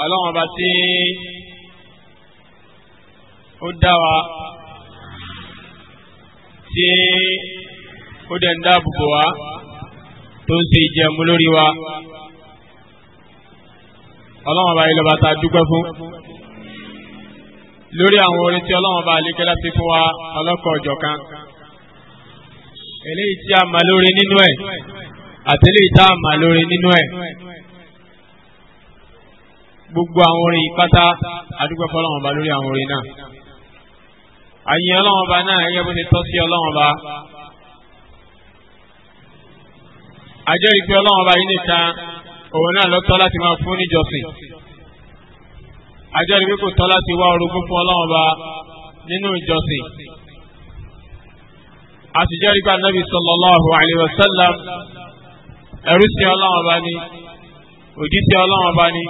ọlọ́run ọba tí ó dá wa tí ó dẹ̀ ń dáàbòbò wa tó ń ṣe ìjẹun lórí wa ọlọ́run ọba yìí lọ́ba dúpẹ́ fún lórí àwọn orin tí ọlọ́run ọba àlékẹ́ láti fún wa ọlọ́kọ̀ ọ̀jọ̀ eléyìí tí a mà lórí nínú ẹ̀ àtẹlẹ́yìí tá a mà lórí nínú ẹ̀ gbogbo àwọn orin ìpátá àdúgbò fọlọ́wọ́n ọba lórí àwọn orin náà àyìn ọlọ́wọ́n ọba náà ẹ̀yẹ bó ti tọ́ sí ọlọ́wọ́n ọba àjẹ́rìí pé ọlọ́wọ́n ọba yìí nìkan òun náà ló tọ́ láti máa fún níjọsìn àjẹ́rìí pé kò tọ́ láti wá orogún fún ọlọ́wọ́n ọba nínú ìjọsìn àtijọ́rí bá nàbì sallallahu alayhi wa sallam ẹrú sí ọlọ́wọ́n ọba ni òjíṣẹ́ ọlọ́wọ́n ọba ni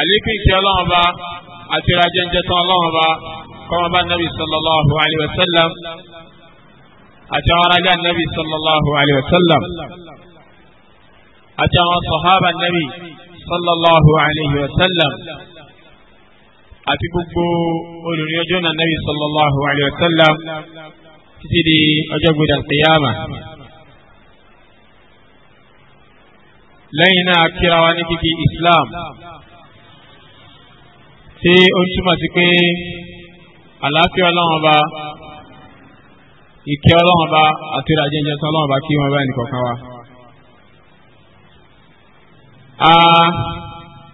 àlékún ìkẹ́ ọlọ́run ọba àti ìrajẹ́njẹ́ tán ọlọ́run ọba kọ́mọ bá nàbì sallallahu alayhi wa sallam àti àwọn aráàlú ànàbì sallallahu alayhi wa sallam àti àwọn sọ̀hábà nàbì sallallahu alayhi wa sallam àti gbogbo olùrìn ọjọ́ náà nàbì sallallahu alayhi wa sallam títí di ọjọ́ gbọdọ̀ kìyàmà. lẹ́yìn náà kíra wa ní kíkí islam. islam tí ó túmọ̀ sí pé àlàáfíà ọlọ́run ọba ìkẹ́ ọlọ́run ọba àti ìrajẹ́jẹ́ sọ ọlọ́run ọba kí wọ́n bá ẹnìkọ̀ọ̀kan wa.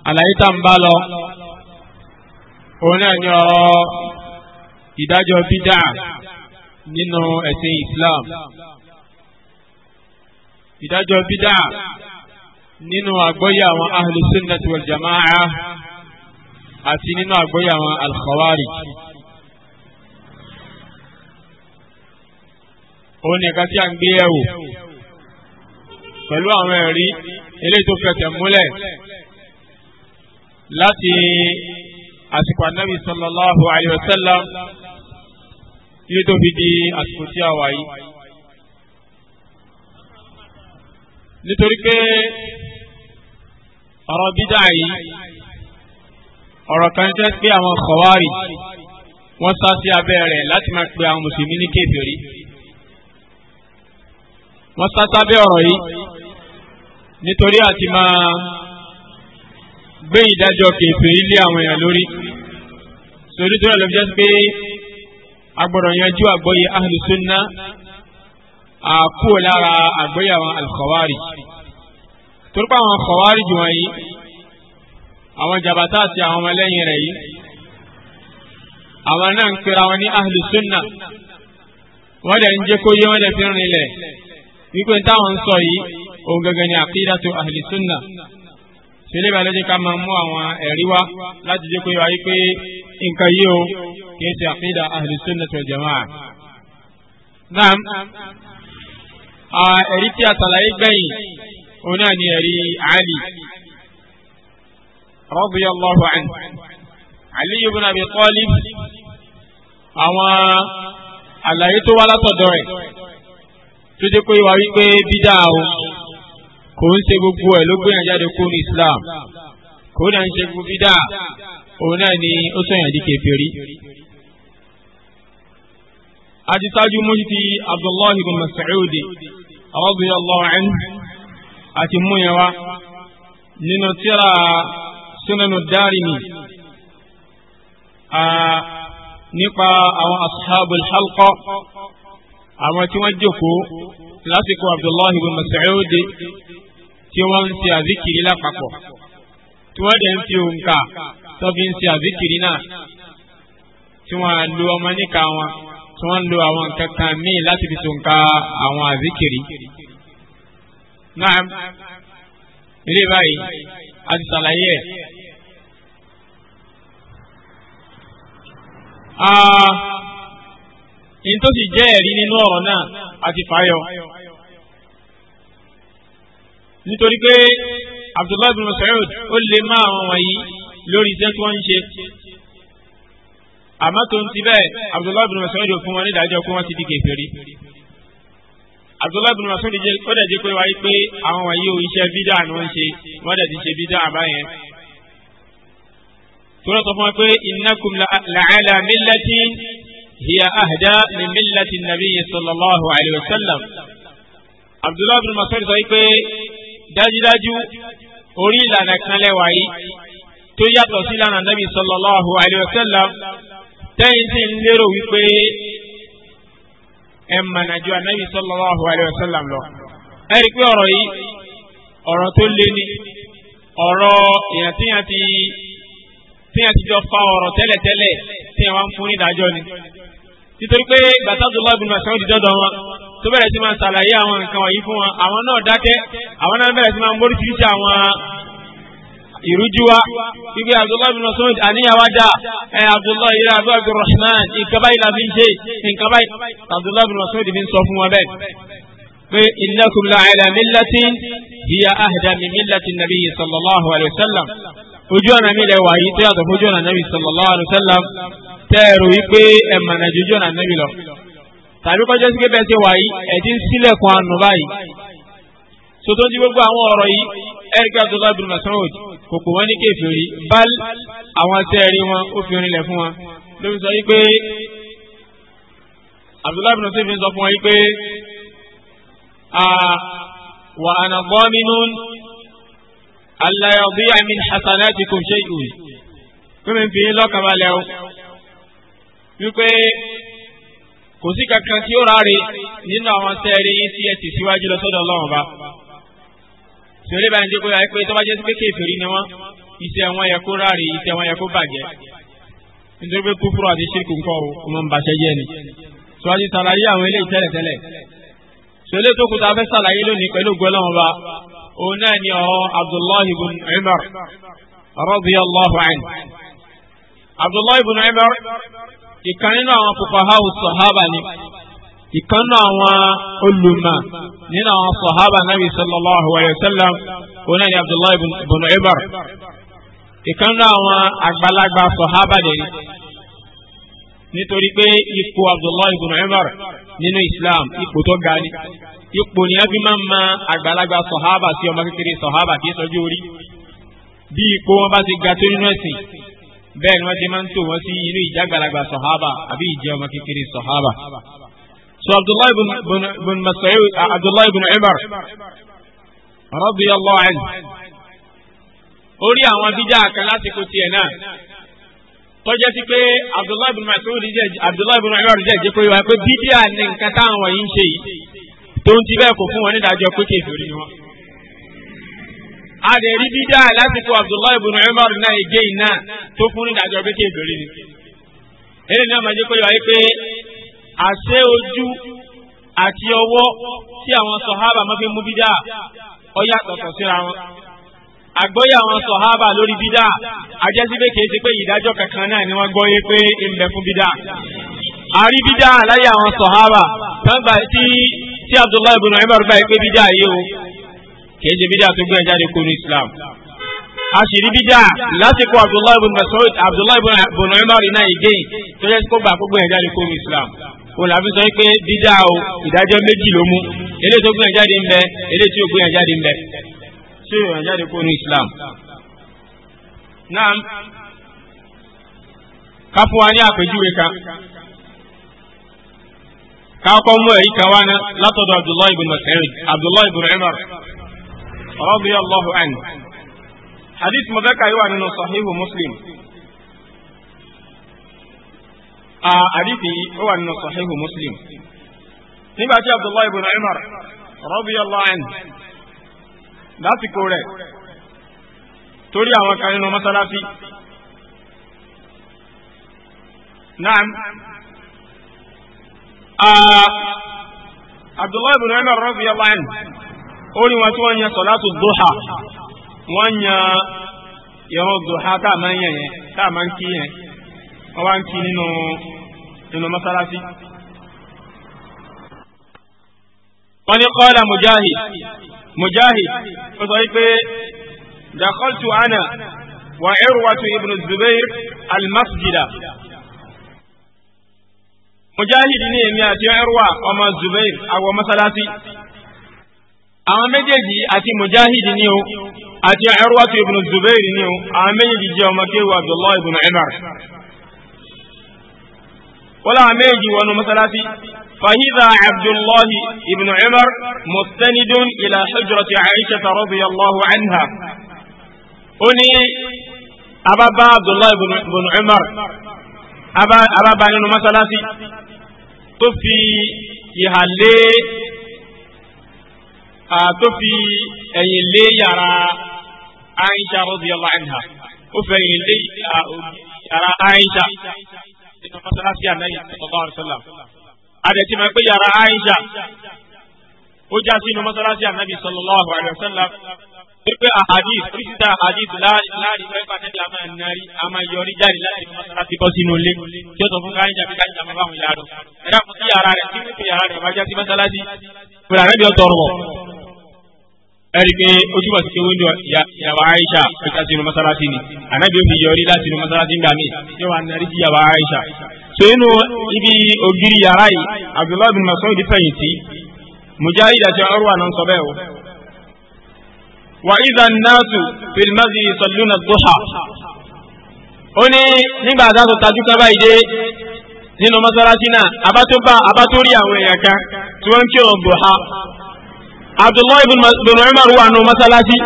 àlàyé tá à ń bá lọ òun náà ní ọ̀rọ̀ ìdájọ́ bídà nínú ẹ̀sìn Islam ìdájọ́ bídà nínú àgbọ́yé àwọn ahlu sunnati wal jama'a àti nínú àgbọ́yé àwọn alkhawari òun nìkan tí a ń gbé yẹ̀wò pẹ̀lú àwọn ẹ̀rí eléyìí tó fẹsẹ̀ múlẹ̀ láti àsìkò ànábì sallallahu alayhi wa tó fi di àsìkò tí a wà yìí. nítorí pé ọ̀rọ̀ bídà yìí ọ̀rọ̀ kan jẹ́ pé àwọn kọ̀wárì wọ́n sá sí abẹ́ rẹ̀ láti máa pe àwọn mùsùlùmí ní kèfèrí wọ́n sá sábẹ́ ọ̀rọ̀ yìí nítorí àti máa gbé ìdájọ́ kèfèrí lé àwọn èèyàn lórí sórí tó rẹ̀ ló jẹ́ pé agbọ̀rọ̀ yanjú àgbọ́yé ahlu sunna lára àgbọ́yé àwọn alkọ̀wárì torípa àwọn kọ̀wárì jù wọ́n yìí àwọn jàbátà àti àwọn ọmọlẹ́yìn rẹ̀ yìí àwọn náà ń pera wọn ní ahlu sunna wọ́n dẹ̀ ń jẹ́ kó yé wọ́n dẹ̀ fi rìn lẹ̀ wípé táwọn ń sọ yìí òun gẹ́gẹ́ ni àkídàtu ahlu sunna sílẹ̀ bá lọ́jọ́ ká máa mú àwọn ẹ̀rí wá láti jẹ́ pé wáyé pé nǹkan yìí o kì í ṣe àkídà ahlu sunna wal jamaa. naam ẹ̀rí tí a ṣàlàyé gbẹ̀yìn òun náà ni ẹ̀rí Ali رضي الله عنه علي بن أبي طالب àwọn àlàyé tó wá látọ̀dọ̀ rẹ̀ tó jẹ́ pé wà wípé bídà o kò ń ṣe gbogbo Islam kò náà ń ṣe gbogbo bídà òun di kèfèrí. àti Abdullahi tira sunanu darimi ah, nípa àwọn ashabul halqa àwọn tí wọ́n jókòó lásìkò abdullahi bin masaudi tí wọ́n ń ṣe àzíkiri lápapọ̀ tí wọ́n dẹ̀ ń fi òǹkà tó fi ń ṣe àzíkiri náà tí wọ́n lo ọmọ níka wọn tí wọ́n lo àwọn nǹkan míì láti fi ṣòǹkà àwọn àzíkiri. náà ilé báyìí a ti ṣàlàyé ẹ̀. ní tó sì jẹ́ ẹ̀rí nínú ọ̀rọ̀ náà àti fàyọ. nítorí pé Abdullahi bin Mas'oud ó lè má àwọn wọ̀nyí lórí iṣẹ́ tí wọ́n ń ṣe. àmọ́ tó ń ti bẹ́ẹ̀ Abdullahi bin Mas'oud ò fún wọn nídàájọ́ pé wọ́n ti di kèfèrí. Abdullahi bin Mas'oud ó dẹ̀ jẹ́ pé wáyé pé àwọn wọ̀nyí ò iṣẹ́ bídà ni wọ́n ń ṣe wọ́n dẹ̀ ti ṣe bídà àbáyẹn tóra sọ fún wa pé innakum la'ala millati hiya ahda min millati nabiyyi sallallahu alayhi wa sallam abdullahi bin mas'ud sọ pé dájúdájú orí ìlànà kan lẹ́wà yìí tó yàtọ̀ sí ìlànà nabi sallallahu alayhi wa sallam tẹ́yìn tí ń lérò wípé ẹ mànà ju anabi sallallahu alayhi wa sallam lọ. ẹ rí i pé ọ̀rọ̀ yìí ọ̀rọ̀ tó lé ní ọ̀rọ̀ èèyàn tíyàn ti jọ fa ọ̀rọ̀ tẹ́lẹ̀tẹ́lẹ̀ tíyàn wá ń fún nídàájọ́ ni. nítorí pé gbàtàdúrà bin Mas'ud dọ́dọ̀ wọn tó bẹ̀rẹ̀ sí máa ṣàlàyé àwọn nǹkan wọ̀nyí fún wọn àwọn náà dákẹ́ àwọn náà bẹ̀rẹ̀ sí máa mórí ti ṣe àwọn ìrújú ibi Abdullahi bin Mas'ud àníyàwó dá ẹ Abdullahi ilé Abdullahi bin Rahman nǹkan báyìí fi ń ṣe nǹkan báyìí Abdullahi bin Mas'ud fi ń sọ fún wọn bẹ́ẹ̀ pé innakum la ala millatin hiya ahda min millati nabiyyi sallallahu alayhi ojú ọ̀nà mi lẹ wà yìí tó yàtọ̀ fojú ọ̀nà nàbì sallallahu alaihi wasallam tẹ́ẹ̀rù wípé ẹ̀mọ̀nà jíjọ́ ọ̀nà nàbì lọ. tàbí kọjá sí kébẹ̀ ṣe wà yìí ẹ̀dí ń sílẹ̀kùn àánú báyìí. sotó ti gbogbo àwọn ọ̀rọ̀ yìí eric abdullahi bin masoud kò pò wọ́n ní kéferì bal àwọn tẹ́ẹ̀rí wọn ó fi rinlẹ̀ fún wọn. ló sọ wípé abdullahi bin masoud fi sọ fún wọn wípé wà á alla yadhi'a min hasanatikum shay'un pẹ́mi fi yín lọ́kàn balẹ̀ o wípé kò sí kankan tí ó ráre nínú àwọn sẹ́ẹ̀rí yín sí ẹtì síwájú lọ sọ́dọ̀ ọlọ́run ba sọ̀rọ̀ ìbáyìí jẹ́ kó yà pé tó bá jẹ́ pé kéferì ni wọ́n iṣẹ́ wọn yẹ kó ráre iṣẹ́ wọn yẹ kó bàjẹ́ nítorí pé kúfúrú àti ṣírkù ńkọ́ o mọ̀ ń bàṣẹ́ jẹ́ ni síwájú sàlàyé àwọn eléyìí tẹ́lẹ̀tẹ́lẹ̀ sọ̀rọ̀ tó kù tá a fẹ́ sàlàyé lónìí pẹ̀lú gbọ́lọ́run ba òun náà ni ọ̀rọ̀ abdullahi ibn umar radiyallahu anhu abdullahi ibn umar ìkan nínú àwọn fuqahaa sahaba ni ìkan nínú àwọn olùmọ̀ nínú àwọn sahaba nabi sallallahu alayhi wa sallam òun náà ni abdullahi ibn umar ìkan nínú àwọn àgbàlagbà sahaba ni nítorí pé ipò abdullahi ibn umar nínú islam ipò tó ga ni ipò ní ẹbí máa ń ma àgbàlagbà sọ̀hábà sí ọmọ kékeré sọ̀hábà kì í sọjú orí bí ipò wọn bá ti ga tó nínú ẹ̀sìn bẹ́ẹ̀ ni wọ́n ti máa ń tò wọ́n sí inú ìjágbàlagbà sọ̀hábà àbí ìjẹ́ ọmọ kékeré sọ̀hábà. so abdullahi bin mas'ud ah, abdullahi bin umar radiyallahu anhu orí àwọn bíjà kan láti kó tiẹ̀ náà tọ́jẹ́ sí pé abdullahi bin mas'ud abdullahi bin umar jẹ́ ìjẹ́ pé wọ́n pé nǹkan táwọn yìí ń ṣe yìí tó ń ti bẹ́ẹ̀ kò fún wọn nídàájọ́ pé kèfèrí ni wọn. a dẹ̀ rí bídà lásìkò Abdullahi ibn Umar náà ègé iná tó fún nídàájọ́ pé kèfèrí ni. eré náà máa jẹ́ kó yọ ayé pé àṣẹ ojú àti ọwọ́ tí àwọn sọ̀hábà máa fi mú bídà ó yàtọ̀tọ̀ síra wọn. àgbọ́yé àwọn sọ̀hábà lórí bídà ajẹ́síbẹ̀ kìí ṣe pé ìdájọ́ kankan náà ni wọ́n gbọ́yé pé ń bẹ fún bídà. àrí bídà láyé àwọn sọ̀hábà tán gbà tí tí abdullahi ibn umar báyìí pé bídà yìí o kìí ṣe bídà tó gbẹ̀ẹ́ e jáde islam a sì rí bídà abdullahi ibn masoud abdullahi ibn umar náà ìgé tó yẹ kó gbà kó gbẹ̀ẹ́ e islam o làbí sọ pé bídà o ìdájọ́ méjì ló mú eléyìí tó e jáde ń bẹ tí islam. káàkọ́ mú ẹ̀rí kan wá ná látọ̀dọ̀ abdullahi ibn mas'ud abdullahi ibn umar radiyallahu anhu hadith mọ̀dáka yìí wà nínú sahihu muslim hadith yìí ó wà nínú sahihu muslim nígbà tí abdullahi ibn umar radiyallahu anhu lásìkò rẹ̀ torí àwọn kan nínú mọ́sálásí náà Ah, abdullahi ibn umar radiyallahu anhu orí wọn tí wọ́n yan sọ̀látù duha wọ́n yan ìrun duha tá a máa ń yàn yẹn tá a máa ń kí yẹn wọ́n wá ń kí nínú nínú mọ́sálásí. wọ́n ní qala mujahid mujahid ó sọ wípé dakhaltu ana wa irwatu ibn zubair al-masjida mujahid ní èmi àti ẹrùwà ọmọ zubair àwọ mọ́sálásí àwọn méjèèjì àti mujahid ní o àti ẹrùwà tó ibùn zubair ní o àwọn méjèèjì jẹ́ ọmọ kéwù abdullahi ibùn umar wọ́n láwọn méjèèjì wọnú mọ́sálásí فإذا عبد الله ابن عمر مستند إلى حجرة عائشة رضي الله عنها أني أبا عبد الله بن عمر أبا أبا بن مسلاسي tó fi ìhà lé tó fi ẹ̀yìn lé yàrá Aisha radiyallahu anha ó fẹ́ ẹ̀yìn lé yàrá Aisha nínú mọ́sálásí ànáyì sallallahu alaihi wasallam adẹ̀tí máa pé yàrá Aisha ó já sínú mọ́sálásí ànábì sallallahu alaihi pé àhàdí oríṣiríṣi àhàdí láàrin mẹ́fà tẹ́lẹ̀ a máa narí a máa yọrí jáde láti mọ́sálásí bọ́ sínú ilé tí ó sọ fún káyíjà bí káyíjà máa báwọn yàrá ẹ̀rọ fún sí yàrá rẹ̀ tí wọ́n fi yàrá rẹ̀ máa já sí mọ́sálásí fúnra rẹ̀ bí ó tọrọ wọ̀. ẹ̀rí pé ojúbọ̀ sí wíńdò yàrá Aisha ó já sínú mọ́sálásí ni ànábì ó fi yọrí láti inú mọ́sálásí ńgbà mí tí wọ́n narí sí yàrá Aisha. so inú ibi ògiri yàrá yìí Abdullahi bin Mas'ud fẹ̀yìntì Mujahid àti Urwa náà sọ bẹ́ẹ̀ o Wa الناس في المسجد يصلون الضحى ó nígbà tá a báyìí dé nínú mọ́sálásí náà abátúbà abátúrí àwọn èèyàn kan tí wọ́n ń kí ọ̀n dùhà abdullahi bin umar wà nù mọ́sálásí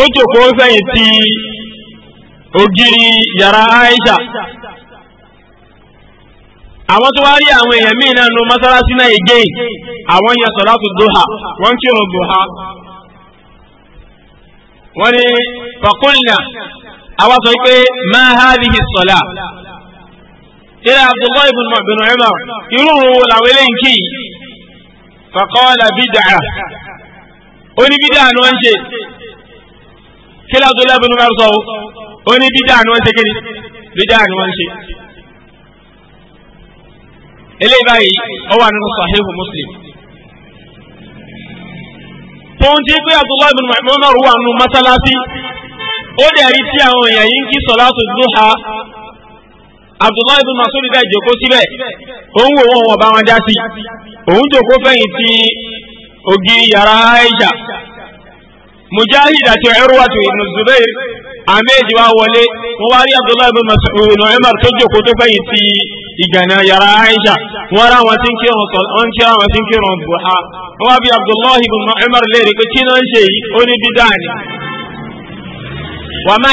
ó jókòó ògiri yàrá aisha àwọn tó wá rí àwọn èèyàn míì náà nù mọ́sálásí náà ègé àwọn yẹn sọ̀rọ̀ ha. wọ́n ń kí wọ́n ní faqulna àwa sọ pé ma hadhihi as-salah ilẹ̀ abdullahi ibn mabinu umar irú òun làwọn eléyìí kì í faqala bid'ah ó ní bid'ah ni wọ́n ń ṣe kí lè abdullahi ibn umar sọ ó ní ni wọ́n ń ṣe kiri bid'ah ni wọ́n ń ṣe eléyìí báyìí ó wà nínú sahihu muslim tó ń jẹ́ pé Abdullahi bin Umar wà nù mọ́sálásí ó dẹ̀ rí tí àwọn èèyàn yìí ń kí sọ̀látù dúhà Abdullahi bin Mas'ud dá ìjòkó síbẹ̀ òun wò wọn ọba wọn já sí òun fẹ̀yìn ti ògiri yàrá Mujahid àméjì wá wọlé wọ́n wá rí abdullahi bin mas'ud umar tó jòkó tó fẹ̀yìn ti ìgànnà yàrá aisha wọ́n rá wọn tí ń kírun wọ́n kí àwọn tí ń kírun buha wọ́n wá bí abdullahi bin umar léèrè pé kí náà ń ṣe yìí ó ní bí dáàni. wà má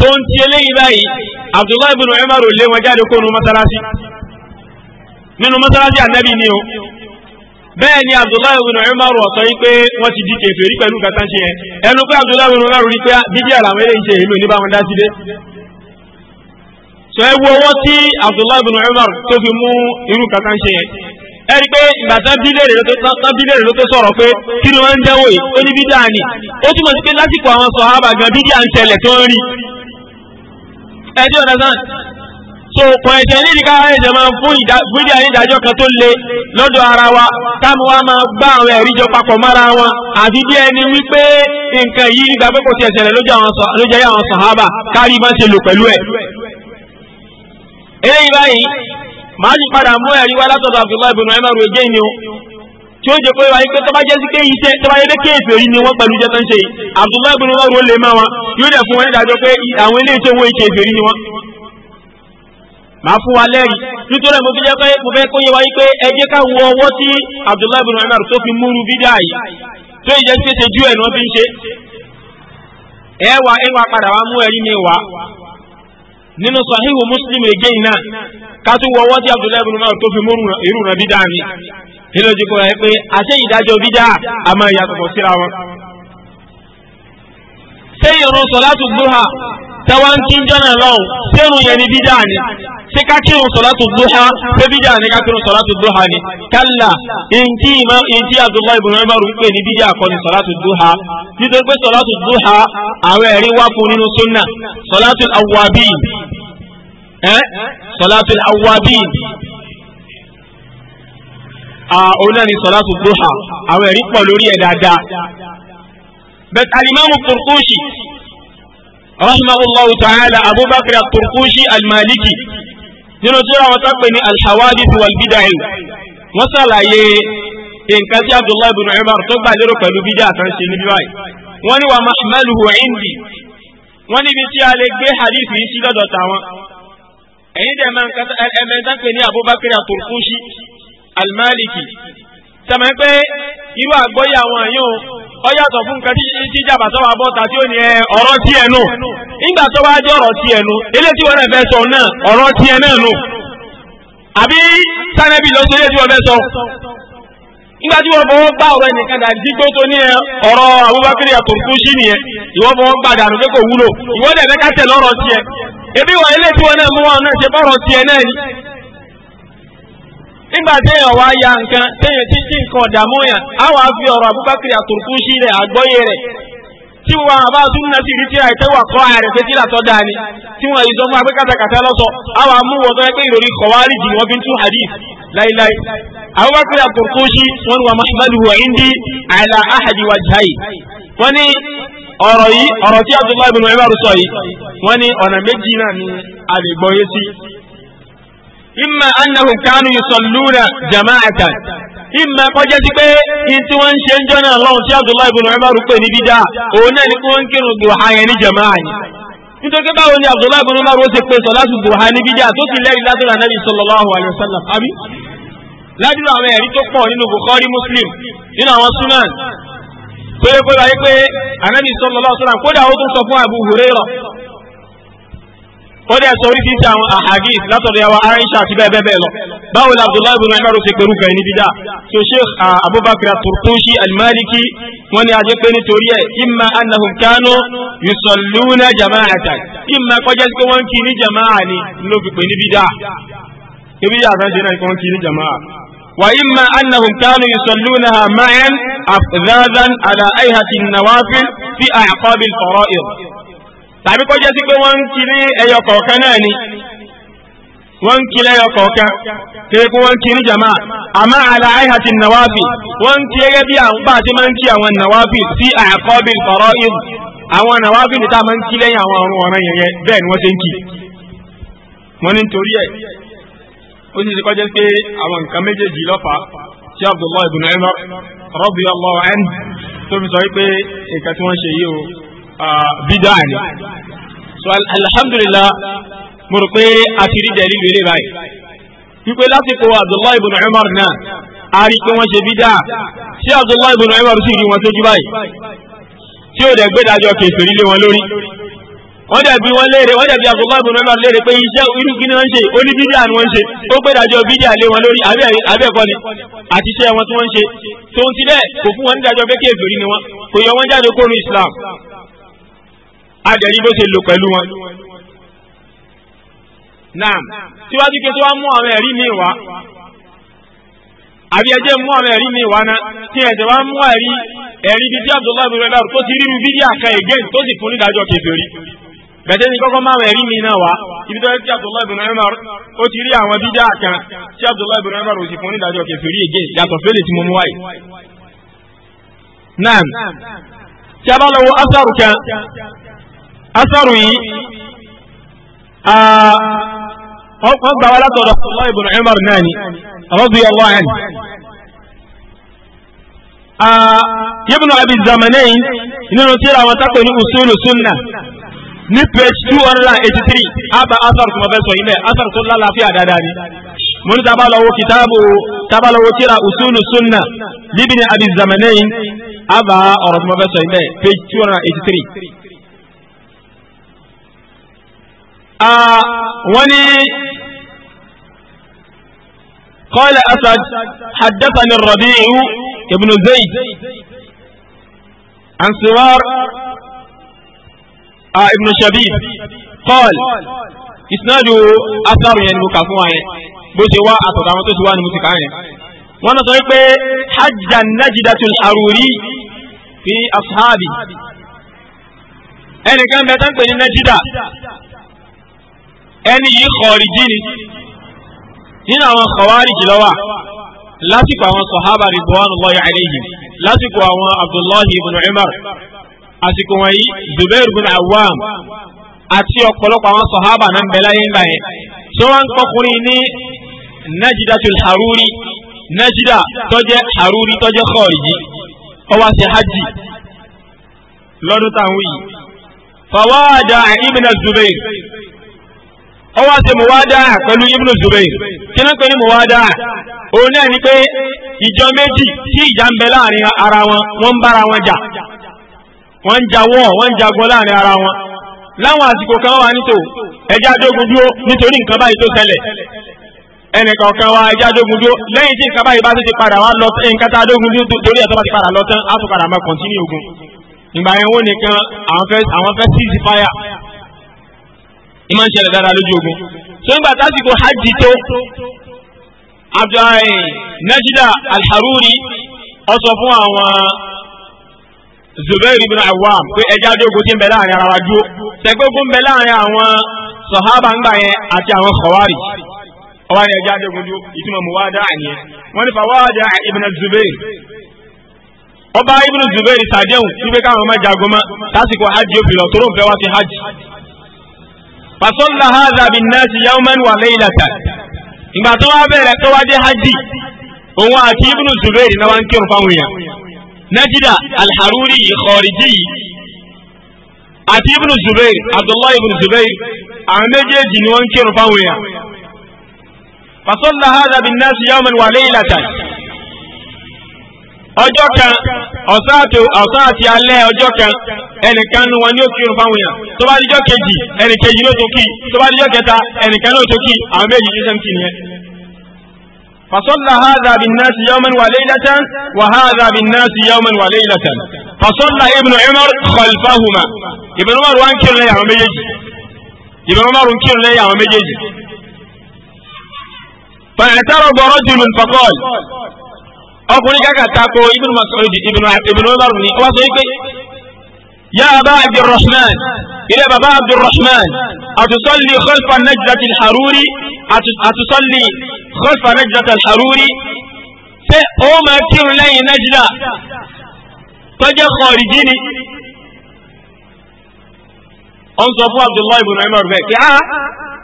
tó ń ti eléyìí báyìí abdullahi bin umar lé wọn jáde kó nu mọ́sálásí nínú mọ́sálásí ànábì ni o. bẹ́ẹ̀ ni abdullahi ibn umar sọ pé wọ́n ti di kèfèrí pẹ̀lú kàtà ṣe yẹn ẹnu pé abdullahi ibn umar rí pé ah, bíbí àlàmọ́ eléyìí ṣe èmi oníbà wọn dá sọ ewu owó tí abdullahi ibn fi mú irú kàtà ṣe yẹn ẹ rí pé ìgbà tán bílẹ̀ rẹ̀ ló tó sọ̀rọ̀ pé kí ni wọ́n ń yìí ó ní bídà ni ó túmọ̀ so kò ẹ̀jẹ̀ ní ìdíkà ẹ̀jẹ̀ máa fún ìdájọ́ ìdájọ́ kan tó le lọ́dọ̀ ara wa táwọn wa máa gbá àwọn ẹ̀rí jọ papọ̀ mọ́ra wọn àti bí ẹni wípé nǹkan yìí nígbà pé kò ti ẹ̀sẹ̀lẹ̀ lójú àwọn sàhábà kárí bá ṣe lò pẹ̀lú ẹ̀. eléyìí báyìí màá ní padà mú ẹ̀rí látọ̀dọ̀ o tí ó jẹ pé wáyé pé sí ké yẹ ni pẹ̀lú jẹ́ tó ń ṣe yìí ma fún wa lẹ́rìí nítorí mo konyewa jẹ́ pé mo fẹ́ kó yé wa yí pé ẹ ká wo ọwọ́ tí Abdullahi bin Umar tó fi múru bídà yìí tó ìjẹ́ ṣe ṣe ju ẹ̀ fi ń ṣe ẹ mú mi wá nínú sahihu Muslim èjé ká tún ọwọ́ Abdullahi Umar tó fi múru irú mi nínú ojú pé àṣẹ ìdájọ́ a máa síra wọn. tẹ́wọ́n kí ń jọ́nà lọ́wọ́ yẹn ṣé ká kírun sọ̀látù dúhà ṣé bídíà ni ká kírun sọ̀látù dúhà ni kálà ìǹtí ìmọ̀ ìǹtí Abdullahi ibn Umar ń pè ní bídíà kọ́ ni sọ̀látù dúhà nítorí pé sọ̀látù dúhà àwọn ẹ̀rí wá fún nínú súnà sọ̀látù awwabi ẹ́ sọ̀látù awwabi òun náà ni sọ̀látù dúhà àwọn ẹ̀rí pọ̀ lórí ẹ̀ dáadáa bẹ́ẹ̀ alimami Qurtushi rahmatullahi ta'ala Abu Bakr al nínú tí wọ́n tá pè ní alhawadith wal bid'ah wọ́n sàlàyé nǹkan tí abdullahi ibn umar tó gbà lérò pẹ̀lú bídà àtàn ṣe níbí báyìí wọ́n ní wa mahmaluhu indi wọ́n níbi tí a lè gbé hadith yìí sí lọ́dọ̀ tàwọn ẹ̀yin dẹ̀ mẹ́ta pè ní abubakar aturkushi almaliki tẹ̀mọ̀ pé irú àgbọ́yé àwọn èèyàn ó yàtọ̀ fún nǹkan tí jàbá tó wà bọ́ ta tí ó ní ọ̀rọ̀ tí nù. nígbà tó bá jẹ́ ọ̀rọ̀ tí nù? eléyìí tí wọ́n rẹ̀ fẹ́ sọ náà ọ̀rọ̀ tí ẹ náà nù àbí Sànẹ́bí lọ sí eléyìí tí wọ́n fẹ́ sọ nígbà tí wọ́n fọwọ́ gbá ọ̀rọ̀ ẹnìkan dà dígbó tó ní ọ̀rọ̀ nígbà téèyàn wá ya nǹkan téèyàn ti dín nǹkan ọ̀dààmú yàn á wàá fi ọ̀rọ̀ Abubakar At-Turtushi rẹ̀ àgbọ́yé rẹ̀ tí wọn àbá súnmọ́ sí ibi tí àìtẹ́wà kọ́ ààrẹ pé sílà tọ́ dáa tí wọn ìsọ fún apẹ́kàtàkàtà lọ́sọ àwọn amúwọ̀n tó yẹ pé ìròrí kọ̀wárí jì wọ́n fi ń tún hadith láíláí. Abubakar at wọn wà mahmadu wa indi ala ahadi wa jai wọn ní ọ̀rọ̀ yìí ọ̀rọ̀ tí Abdullahi bin Umar sọ yìí wọn ní ọ̀nà méjì náà ni a lè gbọ́ yé sí imma annahum kanu yusalluna jama'atan imma kọjá sí pé in tí wọ́n ń ṣe ń jọ́nà lọ́hùn tí abdullahi ibn umar pè ní bídà òun náà ni kí wọ́n ń kírun duha yẹn ní jama'a yìí nítorí báwo ni abdullahi ibn umar ó ṣe pé salatu duha ní bídà tó sì lẹ́rìí látọ̀ náà nabi sallallahu alayhi wa sallam àbí ládùúgbò àwọn ẹ̀rí tó pọ̀ nínú bukhari muslim nínú àwọn sunan tó yẹ kó báyìí pé anabi sallallahu alayhi wa sallam kódà ó tún sọ abu hurairah ó dẹ̀ sọ oríṣiríṣi àwọn ahadith látọ̀dọ̀ yàwó Aisha àti bẹ́ẹ̀ bẹ́ẹ̀ bẹ́ẹ̀ lọ báwo la Abdullahi ibn Umar ṣe pẹ̀lú kan níbi dá so Sheikh uh, Abubakar Turtushi al-Maliki wọ́n ní ajẹ́ pé nítorí ẹ̀ imma annahum kanu yusalluna jama'atan imma kọjá sí pé wọ́n ń kí ní jama'a ni ló fi pè níbi dá níbi dá àtàǹṣe náà kọ́ ń kí ní jama'a wa imma annahum kanu yusallunaha ma'an afdhadan ala ayhati an-nawafil fi a'qabil fara'id tàbí kọjá sí pé wọ́n ń kí ní ẹyọ kọ̀ọ̀kan náà ni wọ́n ń kí lẹ́yọ kọ̀ọ̀kan kéré kó wọ́n ń kí ní jama àmọ́ àlàáhà ti nàwáfì wọ́n ń kí gẹ́gẹ́ bí àwọn bá ti máa ń kí àwọn nàwáfì sí àkọ́bí ọ̀rọ̀ ìlú àwọn nàwáfì ní tá a máa ń kí lẹ́yìn àwọn ọ̀run ọ̀ràn yẹn bẹ́ẹ̀ ni wọ́n ti ń kí wọ́n ní torí ẹ̀ ó sì ti kọjá pé àwọn nǹkan méjèèjì lọ́fà tí Abdullahi ibn Umar radiyallahu anhu tó fi sọ wípé ìkà tí wọ́n ṣe yìí o Ah, bídà ni so alhamdulillah mo rò pé a ti rí dẹ̀lí lórí báyìí wípé lásìkò abdullahi ibn umar náà a rí pé wọ́n ṣe bídà tí abdullahi ibn umar sì rí wọn tójú báyìí tí ó dẹ̀ gbẹ́dájọ́ kèfèrí lé wọn lórí wọ́n dẹ̀ bi wọ́n léèrè wọ́n dẹ̀ bi abdullahi ibn umar léèrè pé iṣẹ́ irú kí ni wọ́n ṣe ó ní bídà ni wọ́n ṣe ó gbẹ́dájọ́ bídà lé wọn lórí abẹ́ẹ̀kọ́ ni àti adẹ̀rí bó ṣe lò pẹ̀lú wọn. naam síwájú pé tí wọ́n mú àwọn ẹ̀rí mi wá àbí ẹjẹ́ mú àwọn ẹ̀rí mi wá ná tí ẹ̀jẹ̀ wá mú ẹ̀rí ẹ̀rí bíi tí Abdullahi bin Umar tó ti ríru bíi àka again tó sì fún nídàájọ́ kèfèrí bẹ̀tẹ́ ni kọ́kọ́ máa ẹ̀rí mi náà wá ibi tó yẹ kí Abdullahi bin Umar ó ti rí àwọn bíi àka tí Abdullahi bin Umar ò sì fún nídàájọ́ kèfèrí again yàtọ̀ fẹ́lẹ̀ tí mo mú wáyé. naam tí a bá lọ wo asaru kan asaru yìí wọ́n gbà wá látọ̀dọ̀ Abdullahi ibn Umar náà ni radiyallahu anhu ibn Abi Zamanayn nínú tírà àwọn tako ní usulu sunna ní page two hundred and eighty three abba asar kuma fẹ́ sọ yìí bẹ́ẹ̀ asar tó lálàáfíà dáadáa ni mo ní tabalawo kitaabu tabalawo tírà usulu sunna libni Abi Zamanayn abba ọ̀rọ̀ kuma fẹ́ sọ yìí bẹ́ẹ̀ page two hundred and eighty three. wọ́n ní قال أسد حدثني الربيع ابن زيد عن سوار آه ابن شبيب قال إسناده أثر يعني مكافوة بوشوا أثر عمتو سوان مسكاين وانا طيب حج النجدة الحروري في أصحابي أنا كان بيتان النجدة ẹni yìí kọ̀ọ̀rìjì ni nínú àwọn kọ̀wárìjì lọ́wà lásìkò àwọn sọ̀hábà ridwanullahi alayhim lásìkò àwọn abdullahi ibn umar àsìkò wọ̀nyí zubair ibn awam àti ọ̀pọ̀lọpọ̀ àwọn sọ̀hábà náà ń bẹ láyé ńlá yẹn tí wọ́n ń kọkùnrin ní najidatul haruri najida tọ́jẹ́ haruri tọ́jẹ́ kọ̀ọ̀rìjì ó wá ṣe hajj lọ́dún táwọn yìí fawada ibn zubair ọwọ́ ṣe mọ̀wádà pẹ̀lú Ibn Zubayr kí ló ń pè ní mọ̀wádà òun náà ni pé ìjọ méjì tí ìjà ń bẹ láàrin ara wọn wọ́n ń bára wọn jà wọ́n ń jawọ́ wọ́n ń jagun láàrin ara wọn láwọn àsìkò kan wà nítò ẹjẹ́ adógun dúró nítorí nǹkan báyìí tó ṣẹlẹ̀ ẹnìkan kan wá ẹjẹ́ adógun dúró lẹ́yìn tí nǹkan báyìí bá ti padà wá lọ nǹkan tá adógun dúró torí ẹ̀ tó bá ti padà lọ tán á tún padà máa kọ̀ntínú ogun ìgbà yẹn wọ́n nìkan àwọn fẹ́ ìmọ̀ ń ṣẹlẹ̀ dára lójú ogun tó ń gbà tásìkò hajj tó abdullahi najida alharuri ó fún àwọn zubair ibn awam pé ẹja dógun ti ń bẹ láàrin ara wa dúró tẹgbógun ń bẹ láàrin àwọn sọhábà ń yẹn àti àwọn kọwárì ọwọ́ ni ẹja dógun dúró ìtumọ̀ muwada ibn zubair ọba ibn zubair sàdéhùn wípé káwọn ọmọ jagun tásìkò hajj fasọ́lá haza bin nasi yauman wa laylatan ìgbà tó wá bẹ̀rẹ̀ tó wá dé hajj òun àti ibnu zubair náà wá ń kírun fáwọn èèyàn najida alharuri ìkọ̀rìjì àti ibnu zubair abdullahi ibnu zubair àwọn méjèèjì ni wọ́n ń kírun fáwọn èèyàn fasọ́lá haza bin nasi yauman wa laylatan ọjọ́ kan ọ̀sán àti ọ̀sán àti alẹ́ ọjọ́ kan ẹnìkan nu wọn ni ó kírun fáwọn èèyàn tó bá dijọ́ kejì ẹnìkejì ló tó kí tó bá dijọ́ kẹta ẹnìkan ló tó kí àwọn méjì ní sẹ́ńtì nìyẹn. فصلى هذا بالناس يوما وليلة وهذا بالناس يوما وليلة فصلى ابن عمر خلفهما ابن عمر وان كير لي عم يجي ابن عمر وان كير لي عم يجي فاعترض رجل فقال ọkùnrin kaka tako ibn Mas'ud ibn Umar ni ó wá sọ pé ya aba abdulrahman ilé baba abdulrahman àtúsọ́lì khalfa najdati al-haruri àtúsọ́lì khalfa najdati al-haruri ṣé ó máa kírun lẹ́yìn najda tọ́jẹ́ kọ̀ọ̀rìjì ni ó ń sọ fún abdullahi ibn Umar bẹ́ẹ̀ kí á ah,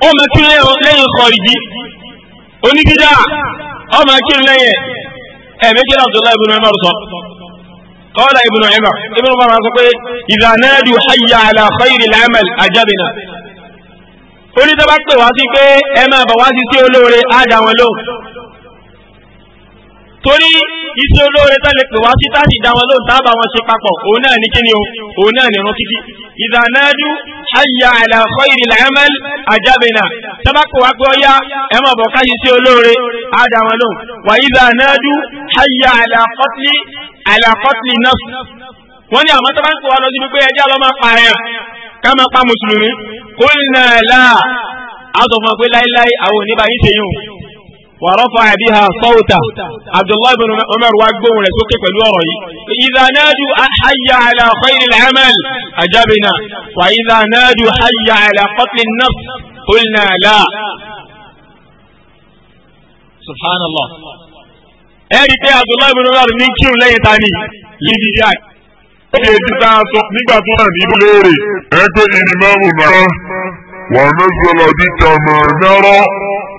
ó máa kírun lẹ́yìn kọ̀ọ̀rìjì onídídá ó máa kírun lẹ́yìn ẹ̀ẹ̀mejì Abdullahi ibn Umar sọ kọ́lá ibn Umar ibn Umar sọ pé idha nadu hayya ala khayril amal ajabna onídàbà pè wá sí pé ẹ máa sí sí olóore á dá torí iṣẹ́ olóore tá lè pè wá sí tá sì dá wọn lóhùn tábà wọn ṣe papọ̀ òun náà ní kíni o òun náà ní irun kíkí ìdánádú hayya ala khairil amal ajabna tábàkù wá pé ọyá ẹ mọ̀ bọ̀ ká iṣẹ́ olóore á dá wọn lóhùn wà ìdánádú hayya ala qatli ala wọ́n ní àmọ́ tábàkù wá lọ sí ẹjẹ́ lọ́ máa pààyàn ورفع بها صوته عبد الله بن عمر واقبون لسوكي فالوري إذا نادوا حي على خير العمل أجبنا وإذا نادوا حي على قتل النفس قلنا لا سبحان الله أريد عبد الله بن عمر من كيو لا يتعني يجي جاك Èyí tá a sọ nígbà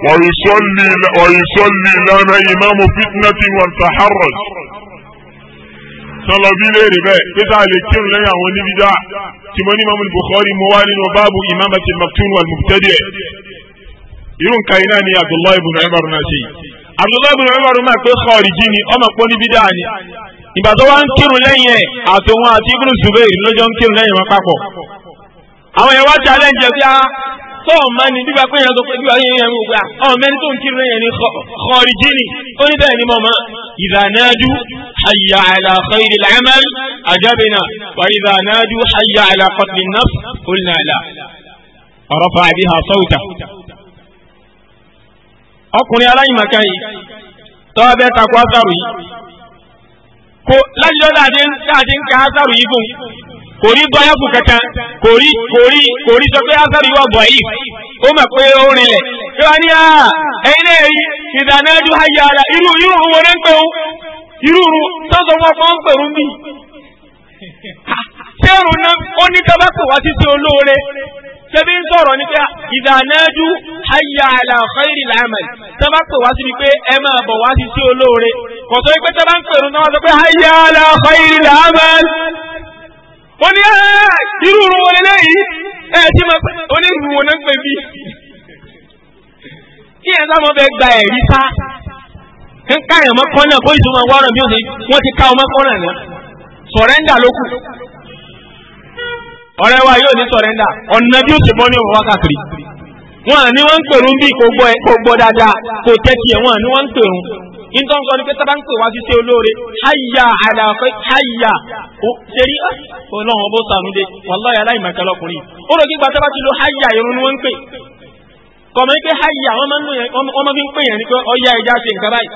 ويصلي ويصلي لنا إمام فتنة وتحرج sọlọ bí léèrè bẹ́ẹ̀ pété àlè kírun lẹ́yìn àwọn oníbídà tí mo ní mamu Bukhari mo wá imam àti maftun wal mubtadi ẹ irú nǹkan iná ni Abdullahi ibn Umar náà ṣe Abdullahi ibn Umar máa ni ọmọ ni ìgbà a wá ń kírun tó ọ̀ma ni bíbá pé ìyẹn sọ pé bíbá yẹn yẹn ah, gbogbo à ọ̀mẹ́ni tó ń kiri yẹn ni kọ̀ọ̀rìjì ni ó ní bẹ́ẹ̀ ni mọ̀ mọ́ idha nadu hayya ala khayril amal ajabna wa idha nadu hayya ala qatlin nafs qulna la rafa biha sawta. ọkùnrin aláìmọ̀ká yìí tọ́wọ́ bẹ́ẹ̀ takò yìí kò lájọ́ dáadé ń ká ásáàrù yìí fún kò rí bọ́yọ́fù kankan kò rí kò rí kò rí sọ pé asari wà bọ̀ yìí ó mọ̀ pé ó rinlẹ̀ pé wọ́n ní à ẹ̀yin náà yìí ìdánájú ayé ara irú irú òun wọlé ń pè ó irú ru tọ́sọ̀ wọn kọ́ ń pèrú bí. sẹ́rù náà ó ní ká bá pè wá títí olóore ṣebí ń sọ̀rọ̀ ní pé ìdánájú ayé ara fẹ́rì làmẹ̀ tọ́ pè wá sí ni pé ẹ máa bọ̀ wá títí olóore kò tó pé tọ́ ń pèrú náà wọ́n sọ pé ayé ara fẹ́rì làmẹ̀ ó ní ah, irú irun wọlé lẹ́yìn ẹ̀ tí ma pẹ́ ó ní irun wọn náà pẹ́ bí. kí ẹ̀ sábà bẹ gba ẹ̀rí ká ń ká ẹ̀ mọ́ kọ́nà kó ìtumọ̀ wọ́ọ̀rọ̀ bí wọ́n ti ká ọmọ kọ́nà náà sọ̀rẹ́ndà ló kù. ọ̀rẹ́ wa yóò ní sọ̀rẹ́ndà ọ̀nà bí ó ti bọ́ ní ọ̀rọ̀ wákàtí wọn àní wọn ń pèrún bí kò gbọ́ dáadáa kò tẹ́tí ẹ̀ wọn àní wọn ń pèrún nítorí wọn sọ ni pé tábà ń pè wá sí sí olóore háyà ó ṣerí ọlọ́run sànúdé aláìmọ̀kẹ́ lọkùnrin ó kígbà ti lo háyà irun ni wọ́n ń pè kọ̀mọ̀ pé háyà wọ́n máa fi ń pè yẹn ni pé ọyá ẹja ṣe nǹkan báyìí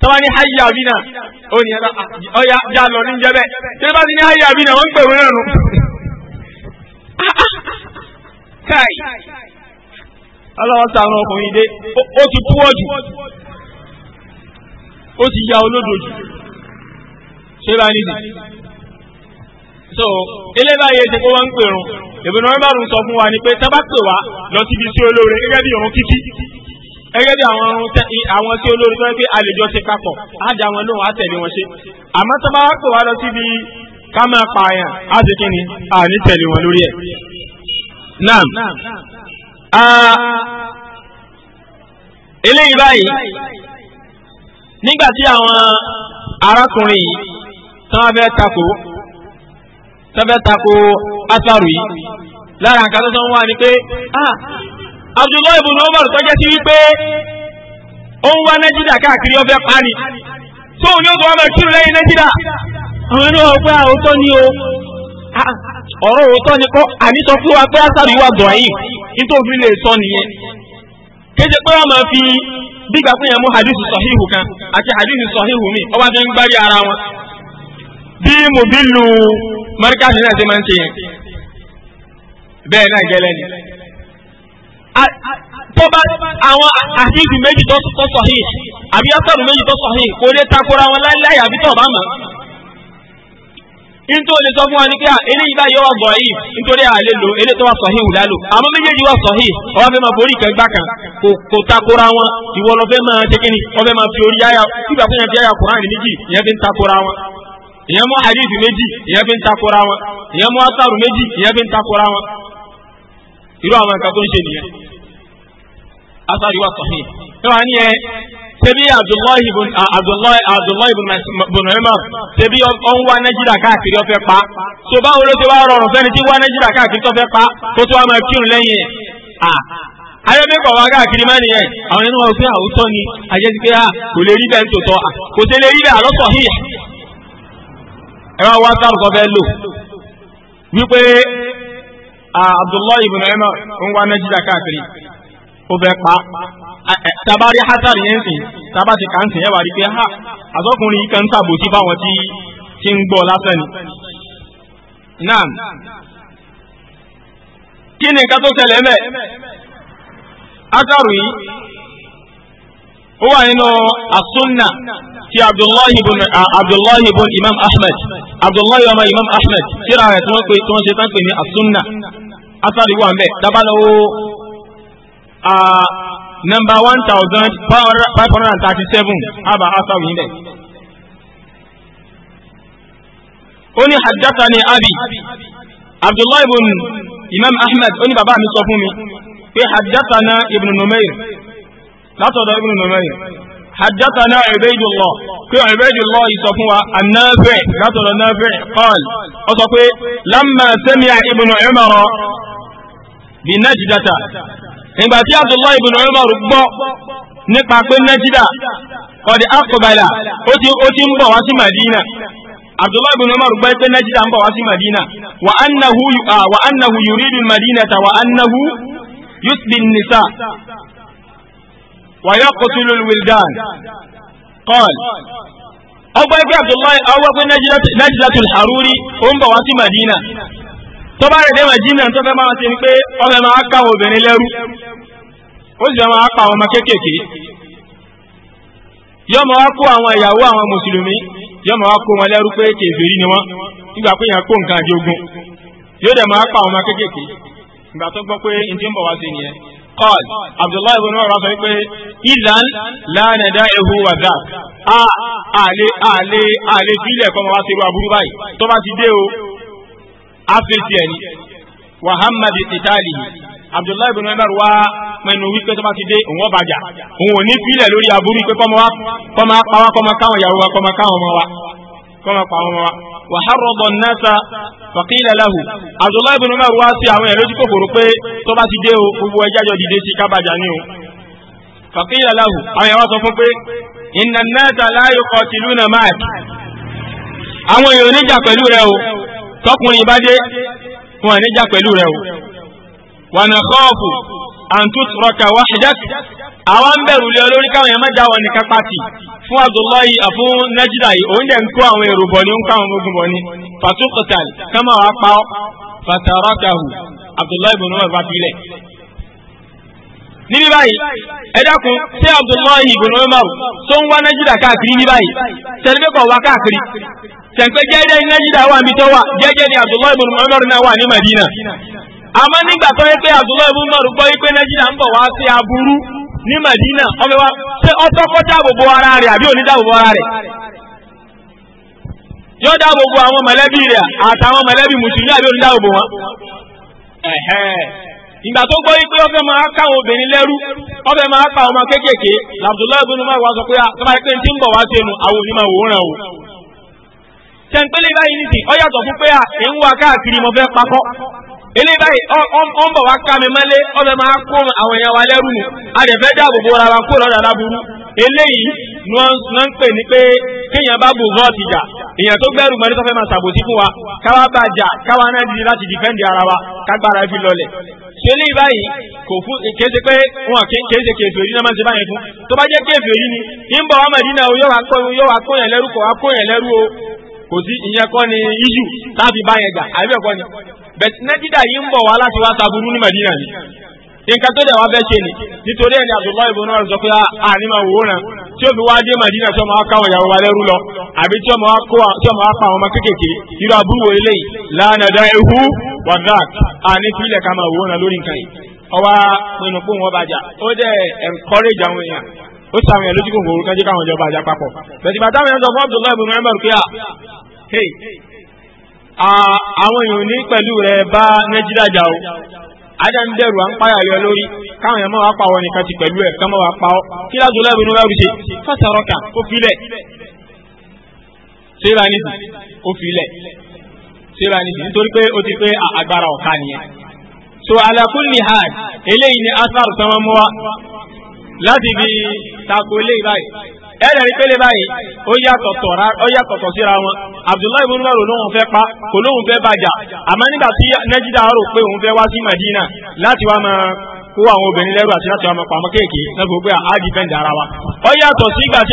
tábà ní háyà bí náà ó ní ọyá já lọ ní jẹ́bẹ̀ tí wọ́n bá ti ní háyà bí náà wọ́n pè wọ́n sànú ọkùnrin dé ó ti jù. ó ti ya olódò jù bá nídìí so eléyìí báyìí ṣe kó wọ́n ń pèrún ìbùnú wọn bá rùn sọ fún wa ni pé tábà pè wá lọ síbi sí olóore gẹ́gẹ́ bí òun kíkí gẹ́gẹ́ bí àwọn àwọn tí olóore tó yẹ pé àlejò ṣe papọ̀ á dá wọn lóhùn á tẹ̀lé wọn ṣe àmọ́ tábà pè wá lọ síbi ká máa pààyàn á ṣe kí ni à ní tẹ̀lé wọn lórí ẹ̀. naam ah, eléyìí báyìí nígbà tí àwọn arákùnrin yìí tán fẹ́ takò tán fẹ́ takò asaru yìí lára nǹkan tó tán wà ní pé ah, Abdullahi ibn Umar tó jẹ́ sí wípé ó ń wá nàìjíríà káàkiri ó fẹ́ parí tóun ní ó tó wá bẹ̀rẹ̀ kírun lẹ́yìn nàìjíríà àwọn ẹni wọn gbá ah, ni o ah, ọ̀rọ̀ òótọ́ ni kọ́ àníṣọ fún wa pé asaru yìí wà dọ̀ yìí nítorí òfin lè sọ nìyẹn kéde pé wọ́n máa fi bígbà fún yẹn mú hadithu sọ̀híhù kan àti hadithu sọ̀híhù mi ọba fi ń gbárí ara wọn. bí mo bí lu náà ṣe máa ń ṣe yẹn bẹ́ẹ̀ náà gẹ́lẹ́ ni. àwọn méjì tó àbí méjì tó sọ̀híhù kò lè takora wọn nítorí o lè sọ fún wa a pé eléyìí báyìí ọ̀rọ̀ bọ̀ yìí nítorí àlè lò eléyìí tó wà sọ̀hí wù lálò àmọ́ méjèèjì wà sọ̀hí ọba fẹ́ máa forí ìkẹ́gbà kan kò takora wọn ìwọ lọ fẹ́ máa máa fi orí yáyà nígbà tó yẹn fi yáyà kùránì ìyẹn fi ń takora wọn ìyẹn mú hadith méjì ìyẹn fi ń takora wọn ìyẹn mú asaru méjì ìyẹn fi ń takora wọn irú àwọn nǹkan tó ń ṣe nìyẹn ṣebí abdullahi ibn abdullahi abdullahi ibn umar ṣebí ọ̀n wá nàìjíríà káàkiri ó pa tó báwo ló ti rọrùn tí nàìjíríà káàkiri tó pa tó tó máa kírun wá káàkiri yẹn àwọn ẹni wọn àwùjọ ni kò lè rí bẹ́ẹ̀ kò sí lè rí bẹ́ẹ̀ ẹ wá wá fẹ́ lò wípé abdullahi umar nàìjíríà káàkiri pa tabari hasan yẹn sìn taba ti kàn sìn ẹ wà rí pé ha àtọkùnrin yìí kan tàbó sí báwọn tí ti ń gbọ́ lásán ni. naam kí ni nǹkan tó ṣẹlẹ̀ mẹ́ asunna ti abdullahi ibn imam ahmed abdullahi ọmọ imam ahmed síra rẹ̀ tí pe tí ṣe tán asunna asaru wà nọ́mbà one thousand five hundred and thirty seven abba asawi níbẹ̀. ó ní hajjata ni abi abdullahi ibn imam ahmed ó ní bàbá mi sọ fún mi pé hajjata na ibn numair látọ̀dọ̀ ibn numair hajjata na ubaydullah pé ubaydullah yìí sọ fún wa annafi látọ̀dọ̀ nafi qal ó sọ pé lamma sami'a ibn umar bi najdata nígbà tí Abdullahi ibn Umar gbọ́ nípa pé Najida kọ̀dí akọ̀bàlà ó ti ń bọ̀ wá sí Madina Abdullahi ibn Umar gbọ́ pé Najida ń bọ̀ wá sí Madina wa annahu ah, wa annahu yuridu al-Madinata wa annahu yusbi an-nisa wa yaqtulu al-wildan qal ọgbà ẹgbẹ́ Abdullahi awọ́ pé Najdatul Haruri ó ń bọ̀ wá sí Madina tó bá rẹ̀ dé Madina tó fẹ́ máa ṣe ni pé ọmọ ẹ̀ máa ká àwọn obìnrin lẹ́rú ó sì fẹ́ máa pa àwọn ọmọ kéékèèké yóò máa kó àwọn ìyàwó àwọn mùsùlùmí yóò máa kó wọn lẹ́rú pé kèfèrí ni wọ́n nígbà pé yẹn kó nǹkan àjẹ ogun yóò dẹ̀ máa pa àwọn ọmọ kéékèèké ìgbà tó gbọ́ pé n ti ń bọ̀ wá sí nìyẹn qal abdullahi ibn umar sọ pé idan lana da'ihu wa da a àlè àlè àlè sílẹ̀ kọ́ mọ́ wá sí irú aburú báyìí tó bá ti dé o áfíìsì ẹni wàhámàdì ìtàlì abdullahi bin umar wa mẹnu wípé tó bá ti dé òun ọbàjà òun ò ní fílẹ̀ lórí aburú pé kọ́mọ pàwá kọ́mọ káwọn ìyàwó wa kọ́mọ káwọn ọmọ wa kọ́mọ pàwọn ọmọ wa wàhárọ̀dọ̀ nẹ́sà fàkílẹ̀ lẹ́hù abdullahi bin umar wa sí àwọn ẹ̀rọ tí kòkòrò pé tó bá ti dé o gbogbo ẹjájọ dìde sí kábàjà ni o fàkílẹ̀ lẹ́hù àwọn ìyàwó sọ fún pé ìnànẹ́sà láyò kọ̀ọ̀tìlú nà máàkì àwọn èèyàn oníjà pẹ̀lú rẹ o tọkùnrin bá dé wọn níjà pẹ̀lú rẹ o wa nakhafu an tutraka wahdak àwọn ń bẹ̀rù lé olórí káwọn yẹn má já wọn nìkan pàtì fún Abdullahi fún Najida yìí òun dẹ̀ ń kó àwọn èrò bọ̀ ní ń kó àwọn ogun bọ̀ ní fatuqtal kama wàá pa ọ́ fatarakahu Abdullahi ibn Umar bá filẹ̀ níbi báyìí ẹ dákun ṣé Abdullahi ibn Umar tó ń wá Najida káàkiri ní báyìí tẹlifíkọ̀ tẹ̀pẹ́ jẹ́jẹ́ iná jídà wà níbi tó wà jẹ́jẹ́ ni Abdullahi ibn Umar náà wa pé ọtọ́kọ́ dáàbòbò ara rẹ̀ àbí òní dáàbòbò ara rẹ̀ yóò dáàbòbò àwọn mọ̀lẹ́bí rẹ̀ àtàwọn mọ̀lẹ́bí mùsùlùmí àbí òní dáàbòbò wọn ìgbà tó gbọ́ máa obìnrin lẹ́rú máa ká ọmọ kéékèèké wá sọ pé ah, tọ́ba pé ti ń bọ̀ wá àwọn tẹ̀ǹpẹ́lẹ́ báyìí nìsín ọ yàtọ̀ fún pé à ń wá káàkiri mo fẹ́ pakọ́ eléyìí báyìí ọ ń bọ̀ wá ká mi mọ́lé ọ fẹ́ máa kó àwọn èèyàn wa lẹ́rù nù a dáàbò bo ara wa kó lọ́dà láburú eléyìí ni wọ́n ń pè ní pé kéèyàn bá bò hàn ti jà èèyàn tó gbẹ́rù mọ́lé tó fẹ́ máa ṣàbòsí fún wa káwá bá jà káwá náà di láti dìfẹ́ǹdì ara wa kágbára fi lọlẹ̀ ṣe báyìí kò fún kéèṣe pé wọn kéèṣe kéèṣe òyìn náà máa ṣe báyẹn fún tó bá jẹ́ kéèṣe òyìn ni ń bọ̀ wá Mẹ̀dínà o yóò wá kóyàn lẹ́rú kò wá kóyàn kò sí ìyẹn kọ́ ni iṣu táàbí bá yẹn gbà àbí ẹ̀kọ́ ni bẹ̀t nẹ́gídà yìí ń Madina ni nǹkan tó dẹ̀ wá bẹ́ẹ̀ ṣe ni nítorí ẹni Abdullahi sọ pé àní ah, máa wò ó ràn Madina tí ọmọ wa káwọn ìyàwó wa lẹ́rú lọ àbí tí ọmọ wa pa àwọn ọmọ kéékèèké irú àbúrò eléyìí ihu wadak àní fílẹ̀ ká máa wò ó ràn lórí nǹkan yìí ọwá pinnu pé wọn bàjá ó dẹ̀ encourage àwọn èèyàn ó sàwọn èèyàn hey àwọn èèyàn ní pẹ̀lú rẹ̀ bá nẹ́jídàjà o ajá ń dẹ̀rù à ń páyà yọ lórí káwọn èèyàn máa wá pa wọn nìkan ti pẹ̀lú ẹ̀ kán máa wá pa ọ́ kí lásán lẹ́rù ní lẹ́rù ṣe fàtàrọ́kà ó filẹ̀ síra nìsí ó filẹ̀ síra nìsí nítorí pé ó ti pé agbára ọ̀ka nìyẹn. so ala kulli hal eléyìí ni asar sanwó-mọ́wá láti fi tako eléyìí báyìí. ẹ̀rẹ̀ rí pélé báyìí ó yàtọ̀tọ̀ síra wọn abdullahi ibn umar olóhùn fẹ́ pa kò lóhùn fẹ́ bàjá àmọ́ nígbà tí nẹ́jídà rò pé òun fẹ́ wá sí madina láti wá máa kó àwọn obìnrin lẹ́rù àti láti wá máa pàmọ́ kéèké lọ́gbọ̀ pé ara wa ó yàtọ̀ sí ìgbà tí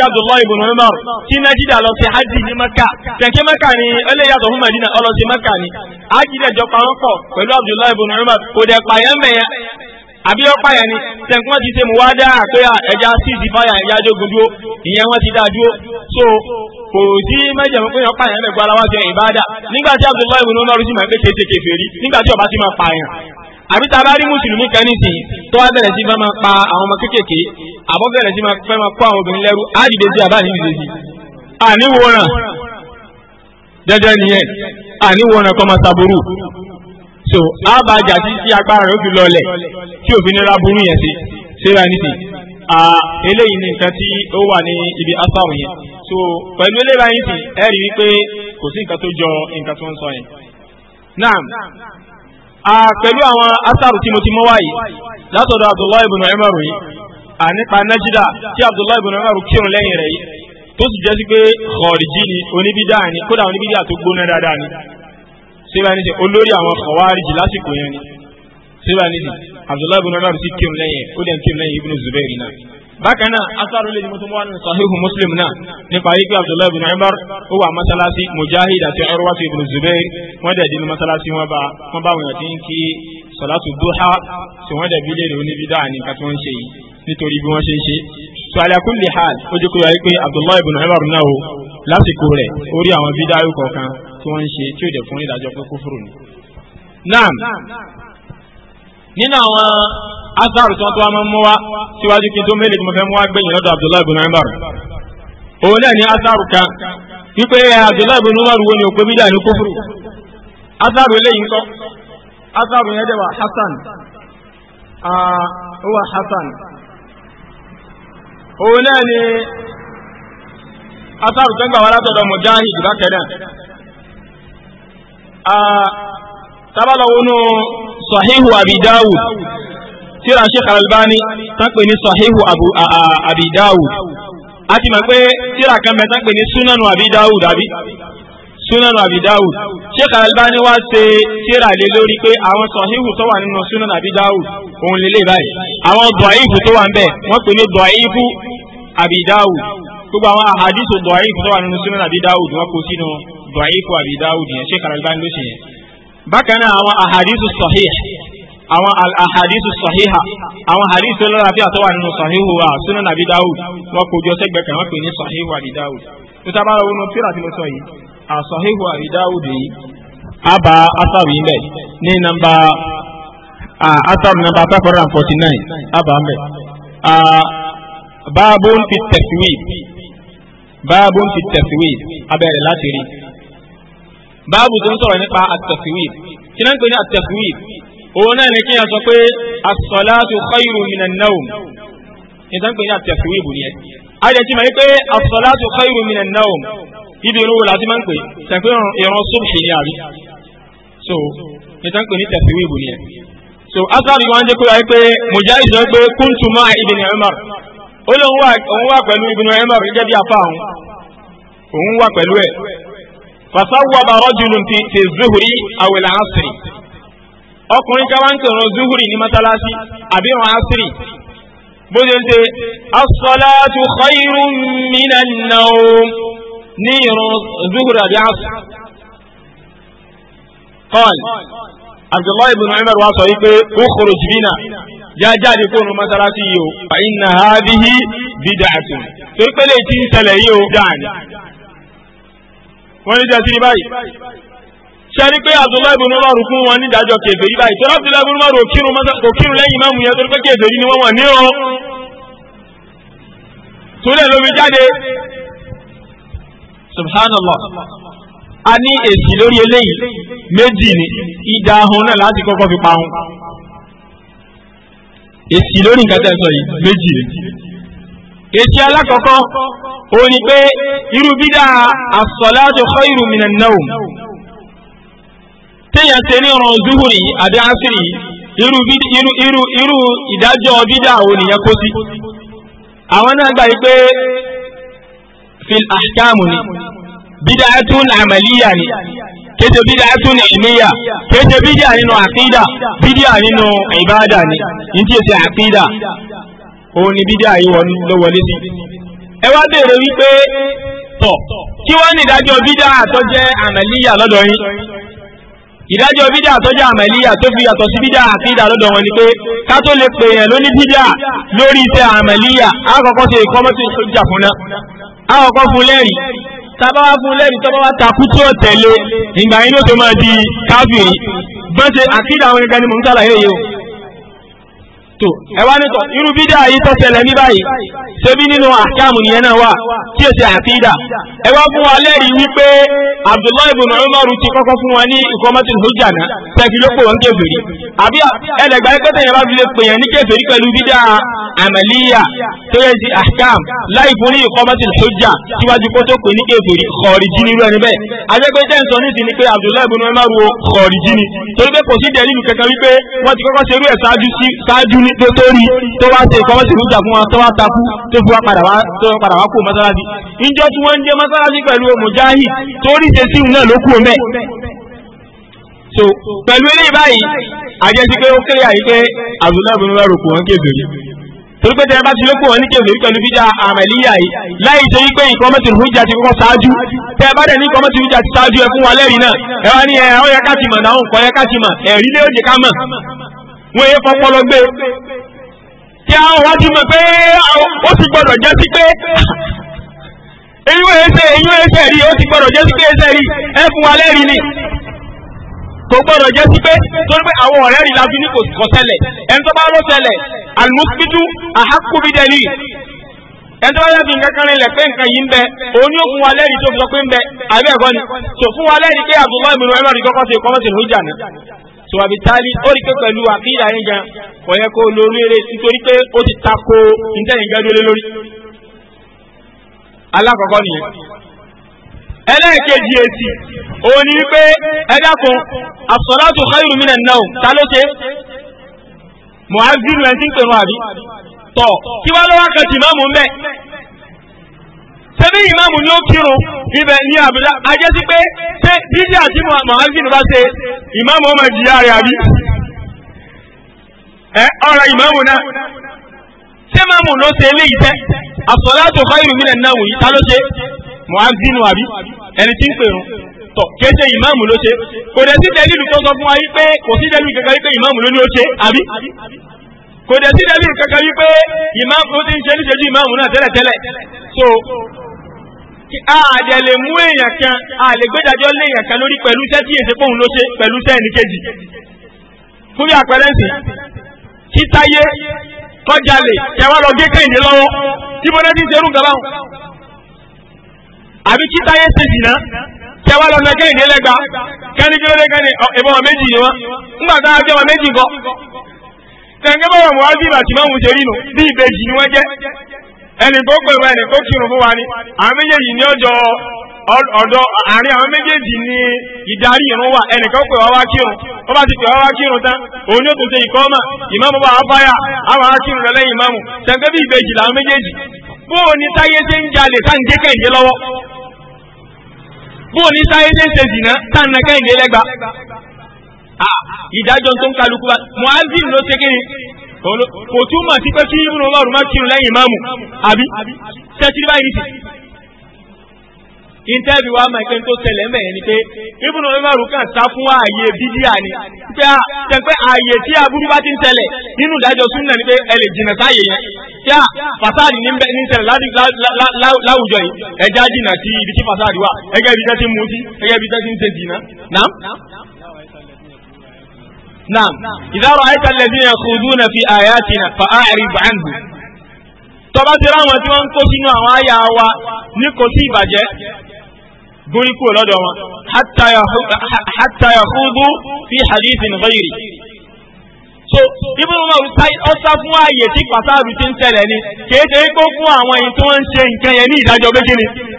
ni yàtọ̀ fún madina ni hajj àbí ọ̀pá yẹn ni tẹ̀kún wọn ti ṣe mú wá dá pé ẹja síìsì fáyà ẹja jogun dúró ìyẹn wọn ti dá dúró so kò sí mẹ́jẹ̀mú pé ọ̀pá yẹn mẹ́gbọ́ ara wọn ṣe ìbáadà nígbà tí Abdullahi ibn Umar sì máa ń pè kéṣe kèfèrí nígbà tí ọba sì máa pààyàn àbí tá a bá rí mùsùlùmí kan nísìnyí tó wá bẹ̀rẹ̀ sí máa pa àwọn ọmọ kéékèèké àbọ̀ bẹ̀rẹ̀ sí máa kó àwọn obìnrin lẹ́rú á dìde sí àbá nídìde sí àníwòrán dandan nìyẹn àníwòrán kọ́ máa saburú so a bá jà sí sí agbára rẹ̀ ó fi lọlẹ̀ tí òfin nira burú yẹn sí ṣéra nítì eléyìí ní nǹkan tí ó wà ní ibi asáwò yẹn so pẹ̀lú eléyìí báyìí sì ẹ rí i pé kò sí nǹkan tó jọ nǹkan tó ń sọ yẹn. naam pẹ̀lú àwọn asáwò tí mo ti mọ́ wáyé látọ̀dọ̀ Abdullahi ibn Umar yìí nípa Najida tí Abdullahi ibn Umar kírun lẹ́yìn rẹ̀ yìí tó sì jẹ́ sí pé kọ̀ọ̀dì jí ni oníbídà ni kódà oníbídà tó gbóná dáadáa ni síbà ní sè olórí àwọn kọ̀wárìjì lásìkò yẹn ni síbà ní sè abdullahi ibn umar sì kírun lẹ́yìn ó dẹ̀ ń kírun lẹ́yìn ibn zubair náà. bákan náà asaaru lè mú tó wà nínú sahihu muslim náà nípa yìí pé abdullahi ibn umar ó wà masalasi mujahid àti urwatu ibn zubair wọ́n dẹ̀ dín masalasi wọn bá wọn bá wọn ti ń kí salatu duha tí wọ́n dẹ̀ bílẹ̀ lóní bí dáa ní kàtí wọ́n ṣe yìí lásìkò rẹ̀ ó àwọn bídáyò kọ̀ọ̀kan tí wọ́n ń ṣe tí ó dẹ̀ fún ìdájọ́ pé kúfùrù ni. naam nínú àwọn asaru tí wọ́n tó wá máa ń mú wá síwájú kí n tó mélòó tí mo fẹ́ mú wá gbẹ̀yìn lọ́dọ̀ abdullahi ibn umar òun náà ní asaru kan wípé eh, abdullahi ibn umar wo ni òpé bídà ní kúfùrù asaru eléyìí ńkọ́ asaru yẹn dẹ̀ wà ó wà hasan òun náà ní asaru tó ń gbà wá látọ̀dọ̀ mujahid bákẹ́ tábàlọ́wọ́nú sahihu abi dawud tíra sheikh albani tánpẹ̀ ní sahihu abi dawud a ti mọ̀ pé tíra kan bẹ tánpẹ̀ ní sunanu abi dawud àbí sunanu abi dawud sheikh albani wá ṣe tíra lé lórí pé àwọn sahihu tó wà nínú sunanu abi dawud òun lélẹ̀ báyìí àwọn dọ̀ífù tó wà ń bẹ̀ wọ́n pè ní dọ̀ífù abi dawud gbogbo àwọn àhàdìsù dọ̀ífù tó wà nínú sunanu abi dawud wọ́n kó sínú dọ̀ífù àbí dáwùdì yẹn ṣé kàràlbá ló ṣe yẹn bákan náà àwọn ahadisu sahih àwọn ahadisu sahiha àwọn ahadisu lọ́lábí àtọ́wà nínú sahihu wa sunan àbí dáwùd wọn kò jọ sẹ́gbẹ̀ẹ́ kan wọ́n pè ní sahihu àbí dáwùd tó tá a bá lọ wọnú tíra tí mo sọ yìí àsahihu àbí dáwùd yìí a bá asáwì ń bẹ̀ ní nàmbà asáwì nàmbà five hundred and forty nine a bá ń bẹ̀ báàbù fi tẹ̀síwì báàbù fi tẹ̀síwì abẹ́rẹ́ láti rí i báàbù tó ń sọ̀rọ̀ nípa at-taswir kí náà ń pè ní at-taswir òun náà ní kí n sọ pé as-salatu khayru minan nawm ìtàn pè ní at-taswir bù nìyẹn. a jẹ́ ti mọ̀ pé as-salatu khayru minan nawm ibi irú la máa ń pè tẹ̀pẹ́ ìran subhi ní àrí so ìtàn pè ní at bù nìyẹn. so asáàbì wọn jẹ́ pé wáyé pé Mujahid sọ pé kuntu ma'a Ibn Umar ó lóun wà pẹ̀lú Ibn Umar gẹ́gẹ́ fasawwaba rajulun fi zuhuri awil asiri ọkùnrin ká wá ń kẹrọ zuhuri ní matalasi àbí wọn asiri bó ṣe ń ṣe asọ́láàtù khayrun minan nawm ní ìrun zuhuri àbí asiri qal abdullahi ibn umar wa sọ wípé ukhruj bina jájáde kó nu matalasi yìí o fa inna hadhihi bid'atun tó ń tí ń ṣẹlẹ̀ yìí o dáa wọ́n ní jẹ́ sí ní báyìí ṣe ni pé Abdullahi ibn Umar fún wọn nídàájọ́ kèfèrí báyìí tọ́lá Abdullahi ibn Umar kò kírun lẹ́yìn máàmù yẹn torí pé kèfèrí ni wọ́n wà ní ọ́ torí ẹ̀ lómi jáde subhanallah a ní èsì lórí eléyìí méjì ni ìjà ahun náà láti kọ́kọ́ fi pa ahun èsì lórí nǹkan tẹ́ yìí méjì ni èsì alákọ̀ọ́kọ́ ó ní pé irú bídà as-salatu khairu minan nawm téèyàn ṣe ní ọ̀ràn zuhuri àbí asiri irú irú irú ìdájọ́ bídà wo nìyẹn kó sí àwọn náà gbà pé fil ahkamu ni bid'atun amaliya ni kéde bid'atun ilmiya kéde bid'a nínú aqida bid'a nínú ibada ni ní tí ó ṣe aqida òun ni bid'a yìí wọ́n ló sí ẹ wá béèrè wípé tọ̀ kí wọ́n ní ìdájọ́ bídà tó jẹ́ àmàlíyà lọ́dọ̀ yín ìdájọ́ bídà tó jẹ́ àmàlíyà tó fi yàtọ̀ sí bídà àkídà lọ́dọ̀ wọn ni pé ká tó lè pè yẹn lóní bídà lórí iṣẹ́ àmàlíyà àkọ́kọ́ ṣe ìkọ́mọ́tò ìṣojà fún náà àkọ́kọ́ fún lẹ́rìí tábà wá fún lẹ́rìí tọ́ba wá takú tí ó tẹ̀lé ìgbà yín ló tó máa di káfíìn bọ́n ṣe àkídà àwọn gẹ́gẹ́ ni mò ń sàlàyé yìí o tó ẹwà nítọ̀ irú bídá yìí tó ṣẹlẹ̀ ní báyìí ṣe bí nínú àkáàmù nìyẹn náà wà tí èsì àkídà ẹwà fún wa lẹ́rìí wípé Abdullahi ibn Umar ti kọ́kọ́ fún wa ní ìkọ́mọ́tìlì hujja náà tẹ́kì ló pè wọ́n kèfèrí àbí ẹlẹ́gbà ẹgbẹ́tẹ̀ yẹn bá fi lè pè yẹn ní kèfèrí pẹ̀lú bídá àmàlíyà tó yẹ sí àkáàm láì fún ní ìkọ́mọ́tìlì hujja síwájú kó tó pè ní kèfèrí kọ̀ọ̀rìjì nírú ẹni bẹ́ẹ̀ ajẹ́gbẹ́ jẹ́ ń ní ti ni pé Abdullahi ibn Umar kọ̀ọ̀rìjì ni torí pé kò sí dẹ̀lílù kankan wípé wọ́n ti tó rí tó wá ṣe ìfọwọ́sí ìrújà fún wọn tó wá takú tó fi wá padà wá tó kó mọ́sálásí níjọ́ tí wọ́n ń jẹ́ pẹ̀lú tó rí sí náà ló kú so pẹ̀lú eléyìí báyìí àjẹsí pé ó kéré àyíké abdullahi bin umar kò wọ́n kébèrè torí pé tẹ́lẹ̀ bá ti lé wọn ní pẹ̀lú àmàlíyà yìí láì ṣe wípé hujja ti kọ́kọ́ ṣáájú bá ní ti ṣáájú ẹ fún wa náà ẹ wá ní ẹ ọ yẹ ká wọ́n yẹ fọpọlọ gbé kí àwọn wá ti mọ̀ pé ó ti gbọ́dọ̀ jẹ́ sí pé èyí wọ́n ẹsẹ̀ èyí wọ́n ẹsẹ̀ rí ó ti gbọ́dọ̀ jẹ́ sí pé ẹsẹ̀ rí ẹ fún wa lẹ́rìí ni kò gbọ́dọ̀ jẹ́ sí pé torí pé àwọn ọ̀rẹ́ rí lábí ní kò ṣẹlẹ̀ ẹni tó bá ló ṣẹlẹ̀ àlùmọ́síbítù àhákùbídẹ́lì ẹni tó bá yẹ kí nǹkan kan rinlẹ̀ pé nǹkan yìí ń bẹ òun ni ó fún wa lẹ́rìí tó fi sọ pé ń bẹ àbí ẹ̀kọ́ ni tó fún wa lẹ́rìí pé Abdullahi ibn Umar kọ́kọ́ ṣe kọ́mọ́sí so àbítálí ó rí pé pẹ̀lú àkíyà yẹn gan kò yẹ kó lórí eré nítorí pé ó ti tako ìtẹ̀yìn gan lórí lórí alákọ̀ọ́kọ́ nìyẹn ẹlẹ́ẹ̀kejì èsì òun ni wípé ẹ̀dàkùn as-salatu khairu minan naum ta ló ṣe muhammadu ẹni tí ń pè wọn àbí tọ̀ kí wá lọ́wọ́ kan tì máa mú mẹ́ ṣebí ìmáàmù ni ó kírun ibẹ̀ ní àbújá ajẹ́ sí pé ṣé dídí àti mọ̀hánsìn bá ṣe ìmáàmù ọmọ ìjìyà rẹ̀ àbí ẹ ọ̀rọ̀ ìmáàmù náà ṣé máàmù ló ṣe eléyìí tẹ́ as-salatu khairu minan nawm yìí ta ló ṣe mọ̀hánsìn àbí ẹni tí ń pèrún tọ̀ kìí ṣe ìmáàmù ló ṣe kò dẹ̀ sí dẹ́lílù tó sọ fún wa yìí pé kò sí dẹ́lílù kankan yìí pé ìmáàmù ló ní ó ṣe àbí kò dẹ̀ sí dẹ́lílù kankan yìí pé ìmáàmù ló ti ń ṣe níṣẹ́jú ìmáàmù náà tẹ́lẹ̀tẹ́lẹ̀ so àdẹ̀ lè mú èèyàn kan àlègbèdájọ́ lé èèyàn kan lórí pẹ̀lú iṣẹ́ tí èsè pòun ló ṣe pẹ̀lú iṣẹ́ ẹnì kejì fún bí àpẹẹrẹ ǹsìn kí táyé kọjálè kẹwàá lọ gé kẹ́hìndé lọ́wọ́ tí mo lẹ́sìn ṣerú nǹkan báwọn àbí kí táyé ṣe jìnnà kẹwàá lọ kẹ́hìndé lẹ́gba kẹ́ni kí ló dé kẹ́ni ìbọn méjì ni wọn ńgbà tá a jẹ́ wọn méjì kọ́ tẹ̀ǹgẹ́ bá wà mọ́ ẹnì kó pè wá ẹnì kó kírun fún wa ni àwọn méjèèjì ní ọjọ́ ọ̀dọ̀ àárín àwọn méjèèjì ní ìdarí wa bá ti pè wá wá kírun tán òun ni ó tún ṣe ìkọ́mà ìmáàmù bá wá báyà àwọn ará kírun lẹ́yìn bí ìbejì làwọn méjèèjì ní táyé ṣe ń jalè tá gé kẹ́hìndé lọ́wọ́ ní táyé ṣe ń kò túmọ̀ sí pé kí ibùdó ọlọ́run má kírun lẹ́yìn ìmáàmù àbí tẹ́tí báyìí nìsí. ìntẹ́bí wa máa ń pẹ́ tó tẹ̀lẹ̀ mẹ́rin ni pé ibùdó ọlọ́run kàn sá fún ààyè bídíà ni pé a tẹ̀ pé ààyè tí aburú bá ti ń tẹ̀lẹ̀ nínú ìdájọ́ súnmọ́ ni pé ẹ lè jìnà sáàyè yẹn tí a fasadi ní ń tẹ̀lẹ̀ láwùjọ yìí ẹja jìnà sí ibi tí fasadi wà ẹgẹ́ ibi tẹ́ ti mú sí ẹgẹ́ ibi tẹ́ ti ń ṣe jìnà náà. نعم إذا رأيت الذين yakhuduna في آياتنا fa'a'rid anhum tọ́ba ti ráwọn tí wọ́n ń kó sínú àwọn àyà wa ní kò sí ìbàjẹ́ gúrí kúrò lọ́dọ̀ wọn hatta yahudu fi hadithin ghayri. so ibi wọn máa ọ sá fún ààyè tí pàtàkì ti ń tẹ̀lé ni kì í fún àwọn èyí tí wọ́n ń ṣe nǹkan yẹn ní ìdájọ́ gbégé ni.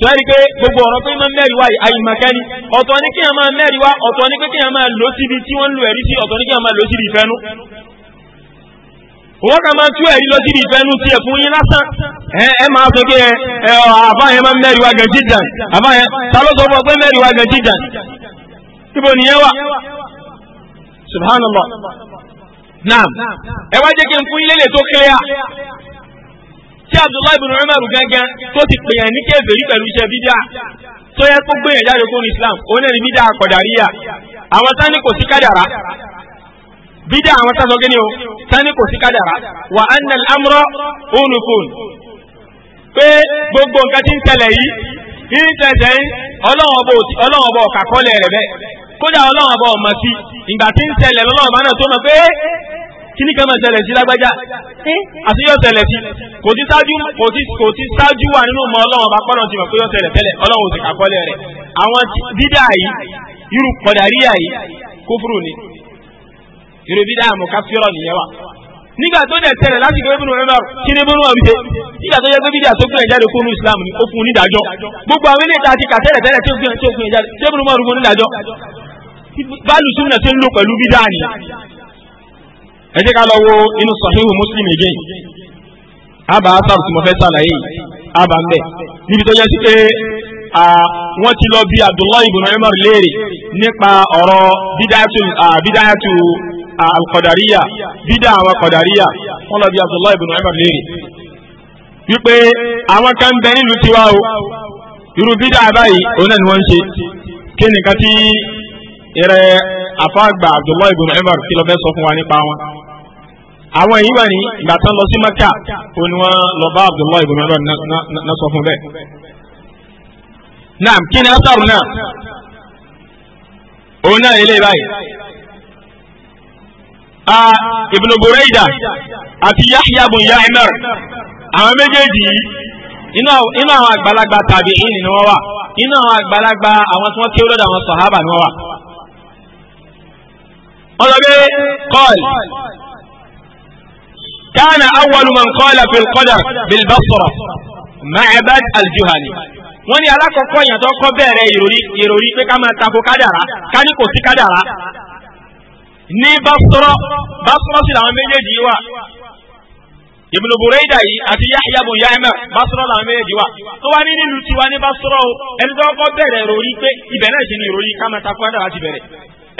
sọ́ọ́rí pé gbogbo ọ̀rọ̀ pé máa mẹ́rin wá àyìnmàkẹ́ni ọ̀tọ̀ ní kí a máa mẹ́rin wá ọ̀tọ̀ ní pé kí a máa lò síbi tí wọ́n lo ẹ̀rí sí ọ̀tọ̀ ní kí a máa lò síbi ìfẹ́nu. wọ́n kà máa tú ẹ̀rí lọ síbi ìfẹ́nu tí ẹ̀ yín lásán ẹ máa sọ pé ẹ àbáyẹn máa mẹ́rin wá gẹ̀ẹ́jì dàn àbáyẹn sọ fún ọ pé mẹ́rin wá gẹ̀ẹ́jì tí abdullahi ibn umar gángan tó ti pèèyàn ní kèfèrí pẹ̀lú iṣẹ́ bídà tó yẹ kó gbèyàn jáde kó ní islam òun náà ní bídà kọ̀dàríyà àwọn sani kò sí kádàrá bídà àwọn sani sọ gẹ́ni o sani kò sí kádàrá wà á nà amúrọ̀ ònùkùn pé gbogbo nǹkan tí ń tẹ̀lẹ̀ yìí ní tẹ̀sẹ̀ ń ọlọ́wọ́n ọba ọ̀kà kọ́lẹ̀ rẹ̀ bẹ́ẹ̀ kódà ọlọ́wọ́n ọba ọ̀mọ̀ sí ìgbà tí ń tẹ̀lẹ̀ lọ́wọ́ kíní kan máa ṣẹlẹ̀ sí lágbájá àti yóò ṣẹlẹ̀ sí kò ti ṣáájú kò ti kò ti ṣáájú wà nínú ọmọ ọlọ́run bá pọ́nà ti mọ̀ pé yóò ṣẹlẹ̀ tẹ́lẹ̀ ọlọ́run ti kàkọ́lẹ̀ rẹ̀ àwọn dídá yìí irú kọ̀dàríyà yìí kúfúrú ni irú dídá àmọ́ káfíọ́rọ̀ nìyẹn wà. nígbà tó dẹ̀ ṣẹlẹ̀ láti gbé bínú ẹ̀rọ kí ni bínú ọ̀bí ṣe nígbà tó yẹ pé bídà tó gbé ìjáde kó nu Islam ni ó fún un nídàájọ́ gbogbo àwọn eléyìí tá a ti kà tẹ́lẹ̀ tẹ́lẹ̀ tó gbé ìjáde tó gbé ìjáde tó gbé ìjáde tó gbé ìjáde tó gbé ìjáde ẹ jẹ́ ká lọ wo inú sahihu muslim again àbá asaf tí mo fẹ́ sàlàyé àbá mbẹ níbi tó yẹ ti lọ bí abdullahi ibn emir léèrè nípa ọ̀rọ̀ bídáyàtú bídáyàtú alqadariya àwọn qadariya wọ́n lọ bí abdullahi ibn umar léèrè wípé àwọn kan bẹ nílùú tiwa o irú bídá báyìí òun ni wọ́n ń ṣe kí nìkan agba abdullahi ibn kí lọ wa nípa wọn. àwọn èyí wà ní lọ sí maka ó wọn lọ bá abdullahi ibn umar náà sọ fún bẹ́ẹ̀. naam kí ni asaru náà òun náà ilé báyìí. ibn buraida àti yahya ibn àwọn méjèèjì yìí inú àwọn àgbàlagbà tabi'in ni wọ́n wà inú àwọn àgbàlagbà àwọn tí wọ́n kéwọ́ àwọn sàhábà كان أول من قال في القدر بالبصرة معبد الجهني wọ́n ní alákọ̀ọ́kọ́ èèyàn tó kọ́ bẹ̀rẹ̀ ìròrí ìròrí pé ká máa tako kádàrá ká ní kò sí kádàrá ní Basra Basra sí làwọn méjèèjì wà Ibn Burayda yìí àti Yahya bun Ya'mar Basra làwọn méjèèjì wà tó wá ní nílùú tiwa ní Basra o ẹni tó kọ́ bẹ̀rẹ̀ ìròrí pé ibẹ̀ náà ni ìròrí ká máa tako kádàrá ti bẹ̀rẹ̀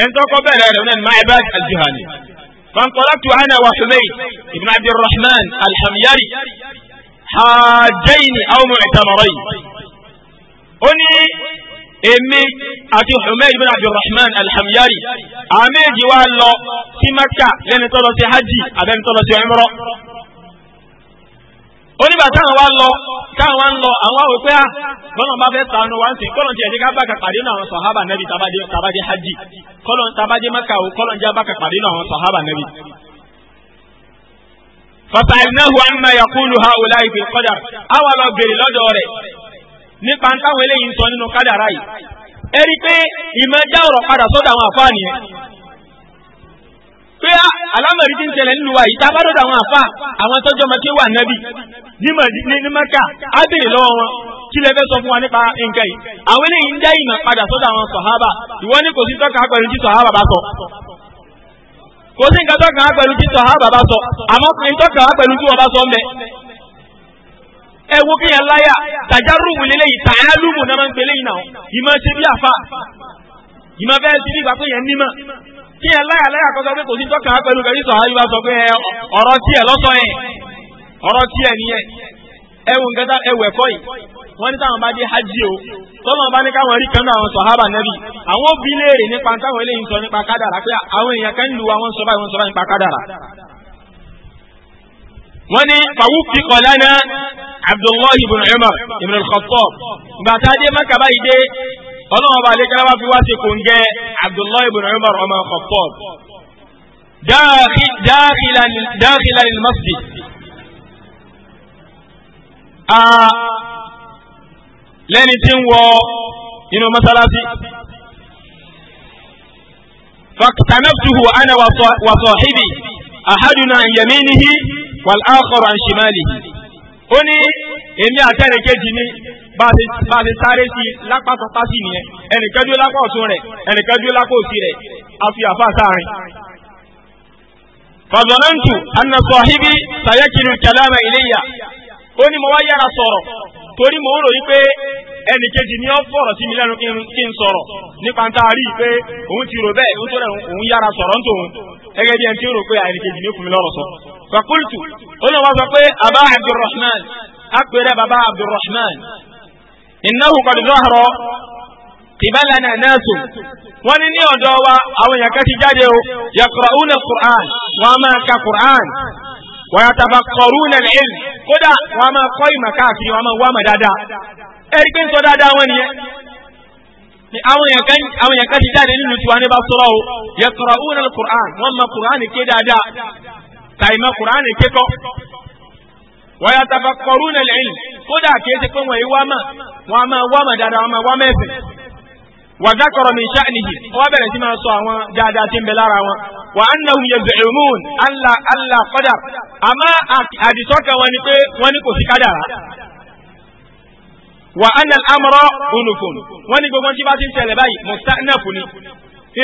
ẹni tó kọ́ bẹ̀rẹ̀ rẹ̀ فانطلقت أنا وحميد بن عبد الرحمن الحميري حاجين أو معتمرين أني èmi àti Humayd ibn Abdulrahman alhamyari àméjì wa lọ sí Mẹ́kà lẹ́ni tó lọ sí hajj àbẹ́ni tó lọ sí umrah onígbà táwọn wá lọ táwọn wá ń lọ àwọn àwọn pé à ah, bọ́lá bá fẹ́ sànù wá ń sìn kọ́lọ̀ tiẹ̀ ní ká bá kàpàdé náà àwọn sọ̀hábà nẹ́bí tabajẹ́ hajj kọ́lọ̀ tabajẹ́ maka o kọ́lọ̀ ń já bá kàpàdé náà àwọn sọ̀hábà nẹ́bí. fasalinahu amma yakulu ha ola ife kọjá àwa lọ bèrè lọ́dọ̀ rẹ̀ nípa táwọn eléyìí ń sọ nínú kádàrá yìí. ẹ pé alámọ̀rí ti ń tẹ̀lé nínú wa yìí a dọ̀dọ̀ àwọn àfa àwọn tọ́jọ́ ọmọ kí wà nábì ní á lọ́wọ́ wọn kí fẹ́ sọ fún wa nípa nǹkan yìí àwọn eléyìí ń dá ìmọ̀ padà sọ́dọ̀ àwọn sọ̀hábà ìwọ ní kò sí tọ́ka pẹ̀lú tí sọ̀hábà bá sọ kò sí nǹkan tọ́ka pẹ̀lú tí sọ̀hábà bá sọ àmọ́ kò sí tọ́ka pẹ̀lú tí wọ́n bá sọ mẹ́ ẹ wo kéèyàn láyà lélẹ́yìí náà máa ń náà ìmọ̀ ṣe bí àfa ìmọ̀ fẹ́ẹ́ ti bí ìgbà pé yẹn kí ẹ láyà láyà kọ́ sọ pé kò sí tọ́ka pẹ̀lú pẹ̀lú sọ̀hábí bá sọ pé ọ̀rọ̀ tiẹ̀ lọ́sọ̀ yẹn ọ̀rọ̀ tiẹ̀ nìyẹn ẹwù nǹkan tá ẹwù ẹ̀kọ́ yìí wọ́n ní táwọn bá dé hajj o tọ́lọ́ bá ní káwọn rí kanú àwọn sọ̀hábà nẹ́bí àwọn òbí léèrè nípa táwọn eléyìí ń sọ nípa kádàrà pé àwọn èèyàn kan lu àwọn sọ báyìí wọ́n sọ báyìí nípa kádàrà. wọ́n ní fàwù kíkọ̀ lánàá Abdullahi ibn Umar ibn al-Khattab gbàtà dé Mákà báyìí dé ọlọ́run ọba àlékẹ́lá wá fi wá sí kòńgẹ́ abdullahi ibn umar ọmọ khattab dáàkìlá ní masjid lẹ́ni tí ń wọ inú masalasi فاقتنبته أنا وصاحبي أحدنا عن يمينه والآخر عن شماله ó ní èmi àtẹ́rẹ̀kejì bá a ṣe sáré sí lápapàpá sí nìyẹn ẹnìkan dúró lápá ọ̀tún rẹ̀ ẹnìkan dúró lápá òsì rẹ̀ a fi àfa sáàrin. fàzọ̀nàntù anna sahibi sayakinu kalama iléyà ó ní mo wá yára sọ̀rọ̀ torí mo ń rò wípé ẹnì kejì ni ó fọ̀rọ̀ sí mi lẹ́nu kí n sọ̀rọ̀ nípa ń taari pé òun ti rò bẹ́ẹ̀ òun tó òun yára sọ̀rọ̀ ń tòun gẹ́gẹ́ bí ẹni tí ó rò pé ẹnì kejì ni ó fún mi lọ́rọ̀ sọ. fakultu ó lọ wá sọ pé abba abdulrahman apẹ̀rẹ̀ baba abdulrahman ìnáwó kọ́ni lọ́hàrọ̀ kìbálànà náàtù wọ́n ní ní ọ̀dọ́ wa àwọn èèyàn kẹ́kí jáde o yaqra'una al-Qur'an wọ́n a máa ka Qur'an wa yatafakkaruna al-ilm kódà wọ́n a máa kọ́ ìmọ̀ káàkiri wọ́n a máa wá mà dáadáa ẹ̀rí pé ń dáadáa wọ́n nìyẹn ni àwọn èèyàn kẹ́kí jáde nínú tiwa ní bá sọ̀rọ̀ o yaqra'una al-Qur'an wọ́n ma Qur'an ké dáadáa kàìmọ̀ Qur'an ké kọ́ wa yatafakkaruna al-ilm kódà kìí ṣe pé wọ́n yìí wá mà wọ́n a máa wá mà dáadáa wọ́n a máa wá mẹ́sìn. wa dhakara min sha'nihi wọ́n bẹ̀rẹ̀ sí máa sọ àwọn dáadáa tí ń bẹ lára wọn. wa annahum yaz'umun alla alla qadar àmọ́ àdìsọ́kà wọn ni pé wọ́n ní kò sí kádàrá. wa anna al-amra unufun wọ́n ní gbogbo tí ti ń ṣẹlẹ̀ báyìí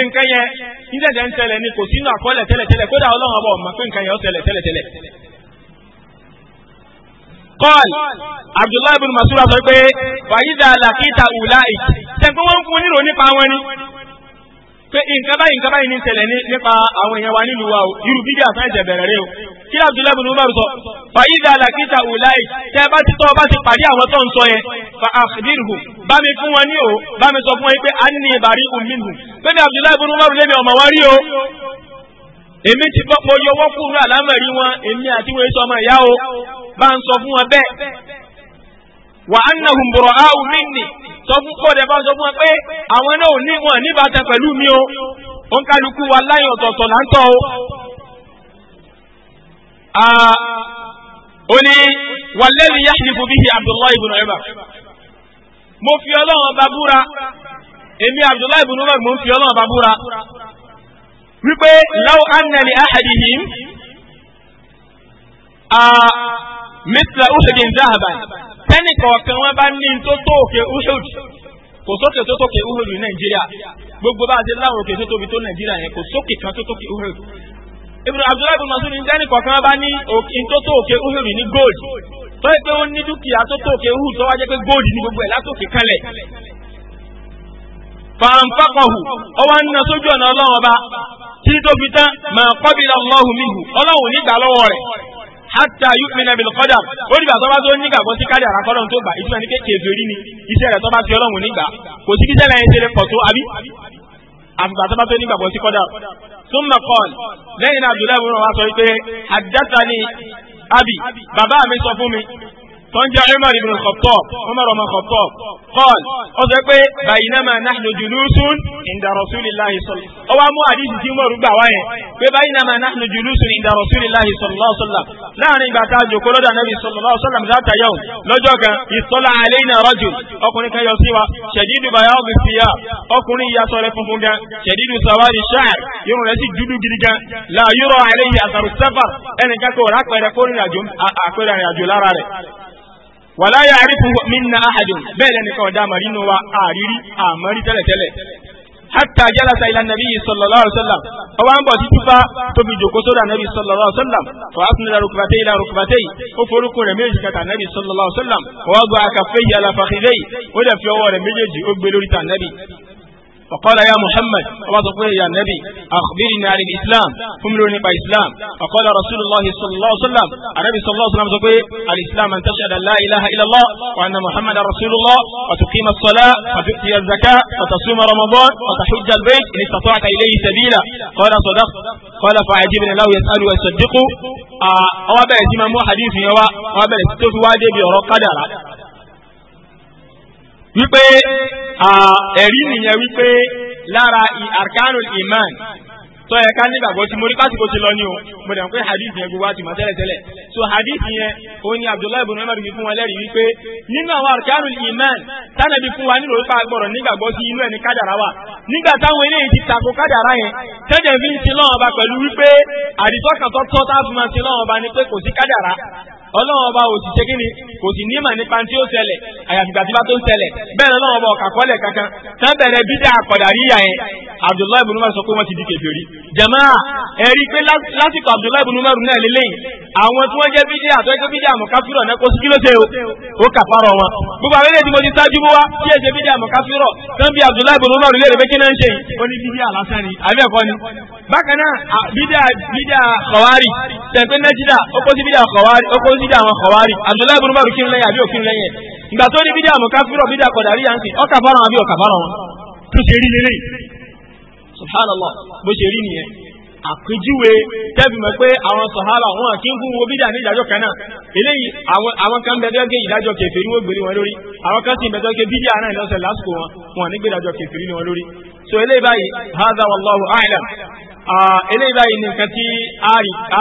nǹkan yẹn ń tẹ̀lẹ̀ ń tẹ̀lẹ̀ ni kò sínú àkọọ́lẹ̀ tẹ́lẹ̀tẹ́lẹ̀ kódà ọlọ́run ọba ọ̀ma pé nǹkan yẹn ó tẹ̀lẹ̀ tẹ́lẹ̀tẹ́lẹ̀ kọ́ọ̀l abdullahi bin masud sọ pé fàyídà làkìtà ùláì tẹ̀gbọ́n wọn fún nírò nípa wọn ni pé nǹkan báyìí nǹkan báyìí ní tẹ̀lẹ̀ nípa àwọn èèyàn wa nílùú wa o irú bíbí àfẹ́ ìjẹ̀bẹ̀rẹ̀ rẹ o kí ni abdullahi bin umar sọ fàyídà làkìtà ùláì tẹ́ bá ti tọ́ bá ti pàdé àwọn tó ń sọ yẹn fa àfìdírùhù bá mi fún wọn ní o bá mi sọ fún wọn pé a ní ìbàrí òmìnirù pé ní abdullahi bin umar lé mi ọmọ wọn rí o èmi ti bọ́ mo yọwọ́ kúrò àlámọ̀rí wọn èmi àti wọn èso ọmọ ìyá o bá ń sọ fún wọn bẹ́ẹ̀ wà á nà hùmbùrọ̀ á ò mí nì sọ fún kọ́ọ̀dẹ̀ bá ń sọ fún wọn pé àwọn náà ò ní wọn níbàtàn pẹ̀lú mi o òǹkàlùkù wa láyé ọ̀tọ̀ọ̀tọ̀ là ń tọ́ o. ó ní wàlẹ́lì yáhìlìfù bíi Abdullahi ibùnà ẹ̀bà mo fi ọlọ́run ọba búra èmi Abdullahi ibùnà ẹ̀bà mo fi ọlọ́run ọba búra wípé láwọn ánàlì àhàdìhìm. mítà uṣègì ndáhàbà tẹ́nì kọ̀ọ̀kan wọn bá ní tó tó òkè kò sókè tó tókè uṣèdì nàìjíríà gbogbo bá a ti láwọn òkè tó tóbi tó nàìjíríà yẹn kò sókè kan tó tókè uṣèdì ibùdó abdullahi bin masudi tẹ́nì kọ̀ọ̀kan wọn bá ní tó tó òkè ní gold tó yẹ pé ó ní na sójú ọba tán mà hatta yu'mina bil qadar ó dìgbà tó bá tó ní gbàgbọ́ sí kádàrá kọ́lọ́run tó gbà ìtumọ̀ ní kékeré orí ni iṣẹ́ rẹ̀ tó bá fi ọlọ́run nígbà kò sí kíṣẹ́ lẹ́yìn ṣẹlẹ̀ pọ̀ tó àbí àfìgbà tó bá tó ní gbàgbọ́ sí kọ́dà summa qal lẹ́yìn abdullahi bin wa sọ pé haddathani abi bàbá mi sọ fún mi tó ń jẹ́ umar ibn khattab umar ọmọ khattab qal ó sọ pé bainama nahnu julusun inda rasulillahi sọlọ ọwọ́ amú àdìsí tí umaru gbà wáyé pé báyìí náà nahnu julusun inda rasulillahi sallallahu sallam láàrin ìgbà tá a jòkó lọ́dọ̀ anábì sallallahu sallam láta yẹ̀wò lọ́jọ́ kan ìsọ́lá alaina rajul ọkùnrin kan yọ sí wa shadidu bayadu siya ọkùnrin ìyàtọ̀ rẹ̀ funfun gan shadidu sawadi sha'r irun rẹ̀ sì dúdú gidi gan la yura alayhi atharu safar ẹnìkan kò rà pẹ̀rẹ̀ kórìrìn àjò lára rẹ̀ wàláyà àrífù minna ahadun bẹ́ẹ̀ lẹ́nìkan ọ̀dá àmàrínú wa àrírí àmàrí tẹ́lẹ̀tẹ́lẹ̀ hatta jalasa ila nabiyyi sallallahu alaihi wasallam ó wá ń bọ̀ títí fa tó fi jòkó sódà nabi sallallahu alaihi wasallam wa asnada rukbatayhi ila rukbatayhi ó forúkọ rẹ̀ méjì kàtà nabi sallallahu alaihi wasallam wa wada kaffayhi ala fakhidayhi ó dẹ̀ fi ọwọ́ rẹ̀ méjèèjì ó gbé lórí tà nabi فقال يا محمد الله تقول يا نبي أخبرني عن الإسلام فملوني بإسلام فقال رسول الله صلى الله عليه وسلم النبي صلى الله عليه وسلم تقول الإسلام أن تشهد لا إله إلا الله وأن محمد رسول الله وتقيم الصلاة وتؤتي الزكاة وتصوم رمضان وتحج البيت إن استطعت إليه سبيلا قال صدقت قال فعجبنا له يسأل ويصدق أو آه، أبا يتمم حديث يوا أبا يستطيع وادي يرى قدرا wípé ẹ̀rí nìyẹn wípé lára arkanul iman tó yẹ ká nígbàgbọ́ tí mo rí pásítọ̀ ti lọ ní o mo dàn pé hadith yẹn gbogbo àti mọ̀ tẹ́lẹ̀tẹ́lẹ̀ so hadith yẹn ó ní abdullahi ibn umar fún wọn lẹ́rìí wípé nínú àwọn arkanul iman tánàbí fún wa nílò wípé agbọ̀rọ̀ nígbàgbọ́ sí inú ẹni kádàrá wa nígbà táwọn eléyìí ti tako kádàrá yẹn tẹ́jẹ̀ fi ń sin pẹ̀lú wípé tọ́ tá ọlọ́run ọba ò sì ṣe kí ni kò sì ní mà nípa tí ó ṣẹlẹ̀ àyàfìgbà tí bá tó ń ṣẹlẹ̀ bẹ́ẹ̀ ọlọ́run ọba ọ̀kà kọ́lẹ̀ kankan tán bẹ̀rẹ̀ bídà àkọ̀dàríyà yẹn abdullahi ibn umar sọ pé wọ́n ti di kèfèrí jamaa ẹ rí i pé lásìkò abdullahi ibn umar náà lélẹ́yìn àwọn tí wọ́n jẹ́ bídà àtọ́ ẹgbẹ́ bídà àmọ̀káfírọ̀ náà kó sí kíló o ó kà fárọ̀ wọn gbogbo àwọn eléyìí tí mo ti ṣáájú bó wá kí èsè bídà àmọ̀káfírọ̀ tán bí abdullahi ibn umar lè rè pé kí náà ń ṣe yìí ó ní bídà lásán ni àbí ẹ̀kọ́ ni bákan náà bídà bídà kọ̀wárì tẹ̀pẹ́ kọ̀wárì bídà àwọn kọ̀wárì Abdullahi ibn Umar kí n lẹ́yìn àbí òkín lẹ́yìn ìgbà tó ní bídà àwọn káfírọ̀ bídà kọ̀dàrí yàǹsì ọkà fara àbí ọkà fara wọn tó ṣe rí lélẹ̀ subhanallah bó ṣe rí nìyẹn àpèjúwe tẹ́bi mọ̀ pé àwọn sọ̀hábà wọn kí ń fún wo ní ìdájọ́ kan náà eléyìí àwọn kan bẹ̀rẹ̀ gé ìdájọ́ kẹfìrí wọ́n gbèrè wọn lórí àwọn kan sì bẹ̀rẹ̀ gé náà lọ́sẹ̀ lásìkò wọn wọn lórí so eléyìí báyìí eléyìí báyìí ní nǹkan tí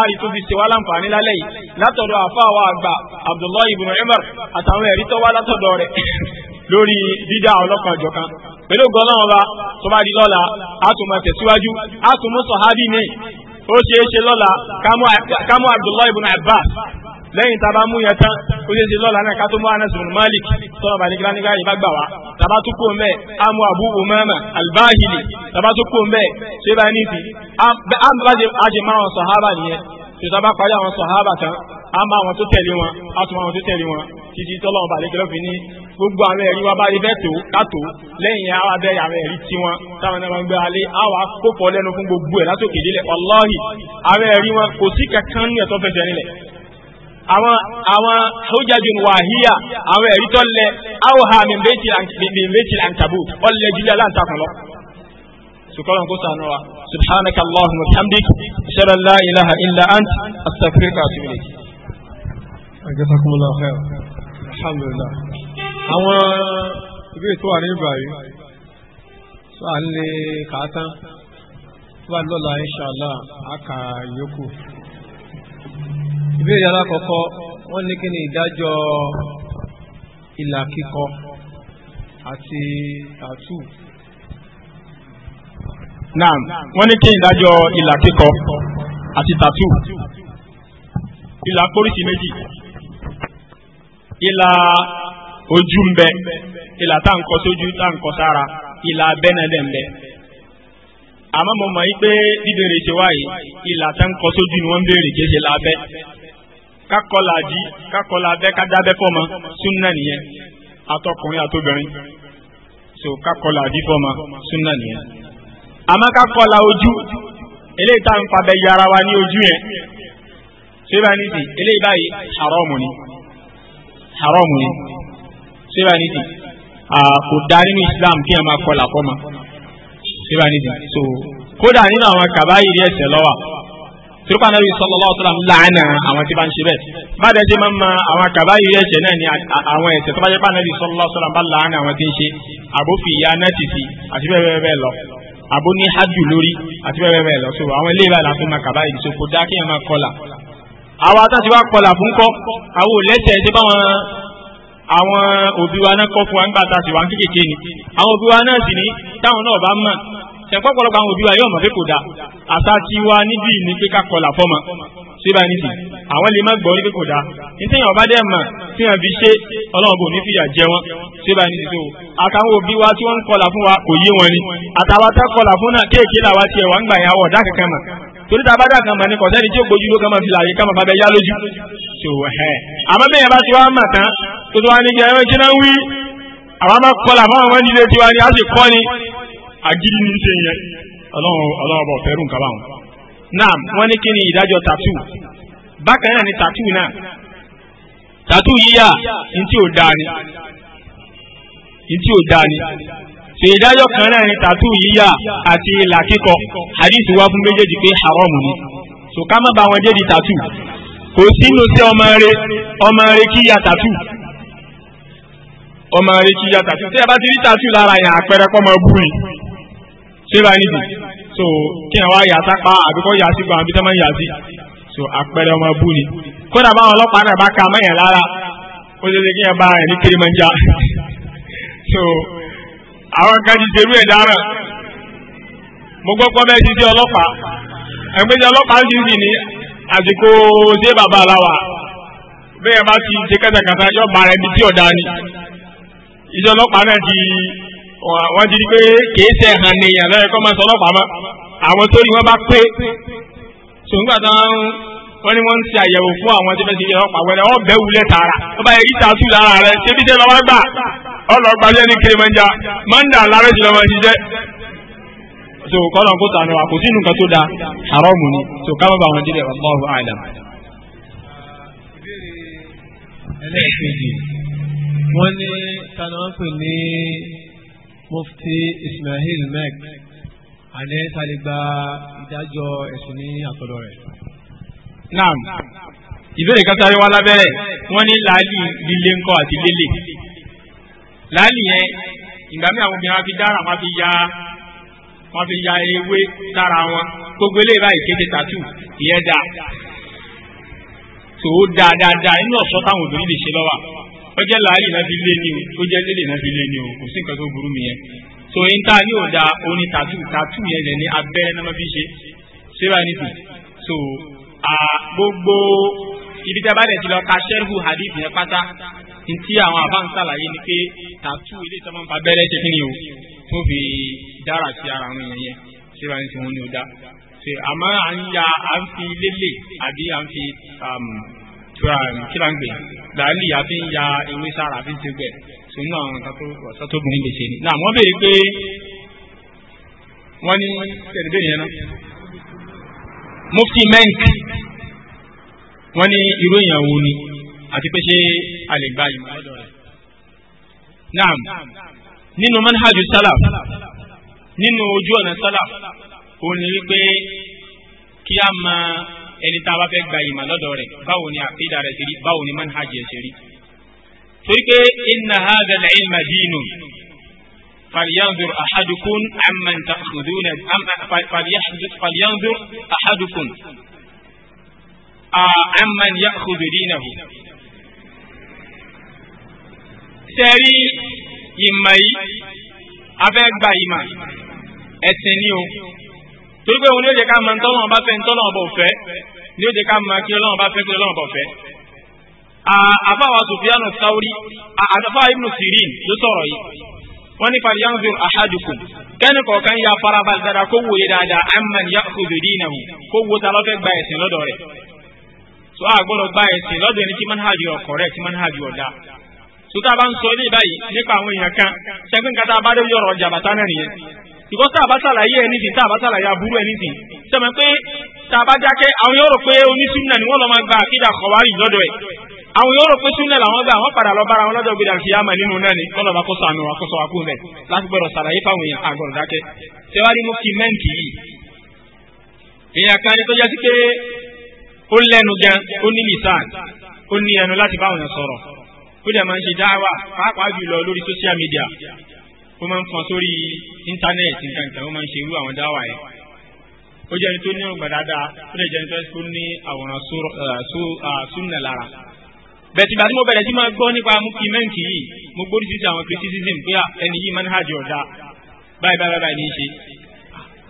ari tó fi ṣe wá láǹfààní lálẹ́ yìí látọ̀dọ̀ àfáàwọ̀ àgbà abdullahi ibn umar àtàwọn ẹ̀rí tó wá látọ̀dọ̀ rẹ̀ lórí dídá ọlọ́kan ọ̀jọ̀kan pẹ̀lú gọ́lọ́wọ́n bá tó bá di lọ́la a tún máa tẹ̀síwájú a tún mú sọ̀hábì ní ó ṣeé ṣe lọ́la kámú abdullahi ibn abbas lẹ́yìn tá a bá mú yẹn tán ó ṣe ṣe lọ́la náà ká tó mú anas bin malik tọ́lọ̀ bá ní kí lánìkà yìí bá gbà wá tàbá tó kó mbẹ́ amu abu umama albahili tàbá tó kó mbẹ́ ṣé bá ní ti àmì máa wọn sọ̀hábà nìyẹn tòtá bá parí àwọn sọ̀hábà tán a máa wọn tó tẹ̀lé wọn a tún àwọn tó tẹ̀lé wọn títí tọ́lọ̀ bá ní ní gbogbo àwọn ẹ̀rí wa bá rí bẹ́ẹ̀ tó kátó lẹ́yìn yẹn àwọn abẹ́rẹ́ àwọn ẹ̀rí tí wọn táwọn náà máa ń gbé alé àwọn akópọ̀ lẹ́nu fún gbogbo ẹ̀ látòkè délẹ̀ ọlọ́ọ̀hì àwọn ẹ̀rí wọn kò sí kankan ní ẹ̀tọ́ fẹsẹ̀ nílẹ̀ àwọn àwọn hujjajun wàhíyà àwọn ẹ̀rí tó lẹ awha min baitil ankabut ọlẹ jíjẹ aláǹtakùn lọ. سكران قصة نوع سبحانك اللهم وبحمدك أشهد أن لا إله إلا أنت أستغفرك وأتوب إليك جزاكم خير الحمد لله àwọn ìbéèrè tó wà ní ìbàrí tó à ń lè kàátán wà lọ́la inṣàlá àkà ìbéèrè alákọ̀ọ́kọ́ wọ́n ní kí ni ìdájọ́ ìlà kíkọ àti tàtù. naam wọ́n ní kí ni ìdájọ́ ìlà kíkọ àti tàtù. ìlà póríṣi méjì ìlà ojú ń bẹ ìlà tá à ń kọ sójú tá à ń kọ sára ìlà abẹ́nẹ́dẹ̀ ń bẹ àmọ́ mo mọ̀ yí pé bíbèrè ṣe wáyé ìlà tá ń kọ sójú ni wọ́n ń béèrè kéṣe lábẹ́ kákọ́lá àdí kákọ́lá abẹ́ kájábẹ́ fọ́mọ súnà nìyẹn àtọkùnrin àtobìnrin so kákọ́lá àdí fọ́mọ súnà nìyẹn. àmọ́ kákọ́lá ojú eléyìí tá à ń fabẹ́ yára wa ní ojú yẹn ṣé bá ní sí eléyìí báyìí haramu ni haramu ni ṣé bá ní sí kò dá nínú Islam kí ẹ máa kọ́lá fọ́mọ síbà nídìí so kódà nínú àwọn kàbáyìí rí ẹ̀ṣẹ̀ lọ́wọ́ turupa anabi sallallahu alaihi wa sallam laana àwọn tí bá ń ṣe bẹ́ẹ̀ báyìí ṣe máa ń ma àwọn kàbáyé ẹ̀ṣẹ̀ náà ni àwọn ẹ̀ṣẹ̀ tó bá jẹ́ pé anabi sallallahu alaihi wa bá laana àwọn tí ń ṣe àbófìyà nátìsì àti bẹ́ẹ̀ bẹ́ẹ̀ bẹ́ẹ̀ lọ àbó ní hajj lórí àti bẹ́ẹ̀ bẹ́ẹ̀ bẹ́ẹ̀ lọ so àwọn ilé ìbára fún ma kàbáyé so kò dáa kí ẹ máa kọlà àwa tá a ti wá kọlà fún kọ àwọn olẹ́ṣẹ̀ ti bá wọn àwọn òbí wa náà kọ́ fún wa nígbà tá a ti wá kékeré ni àwọn òbí wa náà sì ní táwọn náà bá mọ̀ ṣẹ̀pọ̀pọ̀lọpọ̀ àwọn òbí wa yóò mọ̀ pé kò dáa àṣà ti wá níbí ní pé ká kọlà fọ́mọ síbá níbi àwọn lè má gbọ́ pé kò dáa nítorí ọba dẹ́ mà fi hàn bí ṣe ọlọ́run bò ní fìyà jẹ wọn síbá níbi tó àtàwọn òbí wa tí wọ́n ń kọlà fún wa kò yé wọn ni àtàwọn tá kọlà fún náà kéèké làwa tiẹ̀ wà ń gbà yà wọ̀ dá kankan mà torí tá a bá dà kan mà ní kọ̀sẹ́ni tí ó gbójú ló kan máa fi láàyè ká máa fa bẹ yá lójú. àmọ́ bẹ́ẹ̀ bá ti wá mà tán tó tó wá ní jẹ́ ẹ̀rọ ìṣẹ́ náà wí àwọn máa kọlà fún àwọn ọmọ ìdílé tiwa ni a sì kọ́ ni agídí ní ṣe yẹn ọlọ́run ọlọ́run ọba ọ̀fẹ́ rún kaba wọn. naam wọ́n ní kí ni ìdájọ́ tàtú bákan náà ni tàtú náà tàtú yíyà ntí ò dáa ni ntí ò dáa ni ṣe ìdájọ́ kan náà ni tatu yíyà àti ìlà kíkọ hadith wá fún méjèèjì pé haram ni so ká má ba wọn dé di tàtú kò sínú sí ọmọ rẹ ọmọ rẹ kí ya tatu ọmọ rẹ kí ya tatu tí a bá ti rí tàtú lára yẹn àpẹẹrẹ kọ́ máa bú ni. síbà níbi so kí ẹ wá yà sápá àbíkọ́ yà sí gbàǹbí tó máa ń yà sí so àpẹẹrẹ ọmọ bú ni kódà báwọn ọlọ́pàá náà bá ka mẹ́yàn lára ó ṣe ṣe kí ẹ bá ẹ ní kiri máa so àwọn kan ti ṣerú ẹ̀ dára mo gbọ́ pọ́ bẹ́ẹ̀ ti ṣe ọlọ́pàá ẹgbẹ́jọ ọlọ́pàá ń ṣiṣì ní àsìkò ṣé bàbá aláwa bẹ́ẹ̀ bá ti ṣe kẹ́tẹ̀kẹ́tẹ̀ yọ̀ bá rẹ̀ wọ́n ti di pé kìí ṣe hàn nìyàn lọ́yẹ̀ kọ́ máa mọ́ àwọn tó wọ́n bá pé ṣùgbọ́n tó ń wọ́n ní wọ́n ń ṣe àyẹ̀wò fún àwọn tó fẹ́ ṣe ọlọ́pàá wẹ́rẹ́ ọ́ bẹ́ẹ̀ wulẹ̀ tààrà ó bá yẹ tààtù lára rẹ̀ ṣé bí tẹ́lọ́ wá gbà so kọ́nà kó tànù tó da so ká mufti ismail mek àní sàlẹ̀gbà ìdájọ́ ẹ̀sìn ní àtọ̀dọ̀ rẹ̀. naam ìbéèrè kan sáré wá lábẹ́rẹ̀ wọ́n ní làálì líle ńkọ́ àti lélè làálì yẹn ìgbà mi àwọn obìnrin wọn fi dára wọn fi ya wọn fi ya ewé sára wọn gbogbo eléyìí báyìí kéde tàtù ìyẹn dáa tó dáadáa inú ọ̀ṣọ́ táwọn obìnrin lè ṣe lọ́wọ́ ó jẹ́ láàyè náà fi lé ní o ó jẹ́ lélè náà fi lé ní o kò sí nǹkan tó burú mi yẹn so yín tá a ní òda oní tàtú tàtú yẹn lẹ̀ ní abẹ́rẹ́ fi ṣe ṣé báyìí nìkú so gbogbo ibi tí a bá dẹ̀ ti lọ ka ṣẹ́rù hadith yẹn pátá ntí àwọn àbáǹsà láyé ni pé tàtú ilé tí wọ́n máa ń bẹ́rẹ́ ṣe kí ni o tó fi dára sí ara àwọn èèyàn yẹn ṣé báyìí nìkú wọn ní òda àmọ́ à ń ya à ń fi lélè àbí à ń fi um, kí là ń gbé làálì àfi ń ya ewé sára àfi ń ṣe gbẹ sùn náà àwọn nǹkan tó ọ̀sán tó bìnrin lè ni. náà wọ́n béèrè pé wọ́n ní tẹ̀lé bẹ́ẹ̀ yẹn náà mufti menk wọ́n ní irú èèyàn wo ni àti pé ṣé a lè gba ìmọ̀ lọ́dọ̀ rẹ̀. naam nínú manhaju salaf nínú ojú ọ̀nà salaf òun ni wípé kí a máa ẹni tá a bá fẹ́ gba ìmọ̀ lọ́dọ̀ rẹ̀ báwo ni àkídà rẹ̀ ṣe rí báwo ni manhaj ẹ̀ ṣe rí. torí pé inna hadha al-ilma dinun falyanzur ahadukum amman ta'khuduna falyanzur ahadukum amman ya'khudhu sẹ́rí ìmọ̀ yìí a fẹ́ gba ìmọ̀ ẹ̀sìn ni o torí pé òun ni ó jẹ́ ká máa ń tọ́lọ́ ọba fẹ́ ń tọ́lọ́ ọba òfẹ́ ni ó jẹ́ ká máa kí ọlọ́run ọba fẹ́ kí ọlọ́run ọba òfẹ́. àfáwà Sufyanu Sauri àtàfáà Ibn Sirin ló sọ̀rọ̀ yìí wọ́n ní falyanzur ahadukum kẹ́ni kọ̀ọ̀kan ya farabalẹ̀ dára kó wòye dáadáa amman ya'khudhu dinahu kó wo ta lọ́fẹ́ gba ẹ̀sìn lọ́dọ̀ rẹ̀ so a gbọ́dọ̀ gba ẹ̀sìn lọ́dọ̀ ẹni tí manhaj ọ̀ correct manhaj ọ̀ dá so tá a bá ń sọ ilé báyìí nípa àwọn èèyàn kan ṣẹ́gun kata abádé yọ̀rọ̀ ọjà náà nìyẹn because tá a bá ṣàlàyé ẹni tí tá a bá ṣàlàyé aburú ẹni tí sẹ́mi pé tá a bá dákẹ́ àwọn yóò rò pé onísúnnà ni wọ́n lọ́ máa gba àkídà kọ̀wárì lọ́dọ̀ ẹ̀ àwọn yóò rò pé súnnà làwọn gbà wọ́n padà lọ bára wọn lọ́dọ̀ gbèdà kìyàmà nínú náà ni kọ́lọ̀ bá kó sànù àkóso àkóso rẹ̀ láti gbọ́dọ̀ ṣàlàyé fáwọn èèyàn àgbọ̀dọ̀ dákẹ́ tẹ́wárí mú kí mẹ́ǹkì yìí èèyàn kan ní tó jẹ́ sí pé ó lẹ́nu gan ó ní lisan ó ní ó máa ń fọn sórí íńtánẹ́ẹ̀tì nǹkan ó máa ń ṣe irú àwọn dáwà yẹn ó jẹ́ni tó ní ọgbà dáadáa ó lè jẹ́ni tó ní àwòrán súnà lára bẹ̀tì bàtí mo bẹ̀rẹ̀ sí máa gbọ́ nípa múkìmẹ́ǹtì yìí mo gbórí sí àwọn criticism pé ẹni yìí manhaj ọ̀dà báyìí báyìí báyìí ní í ṣe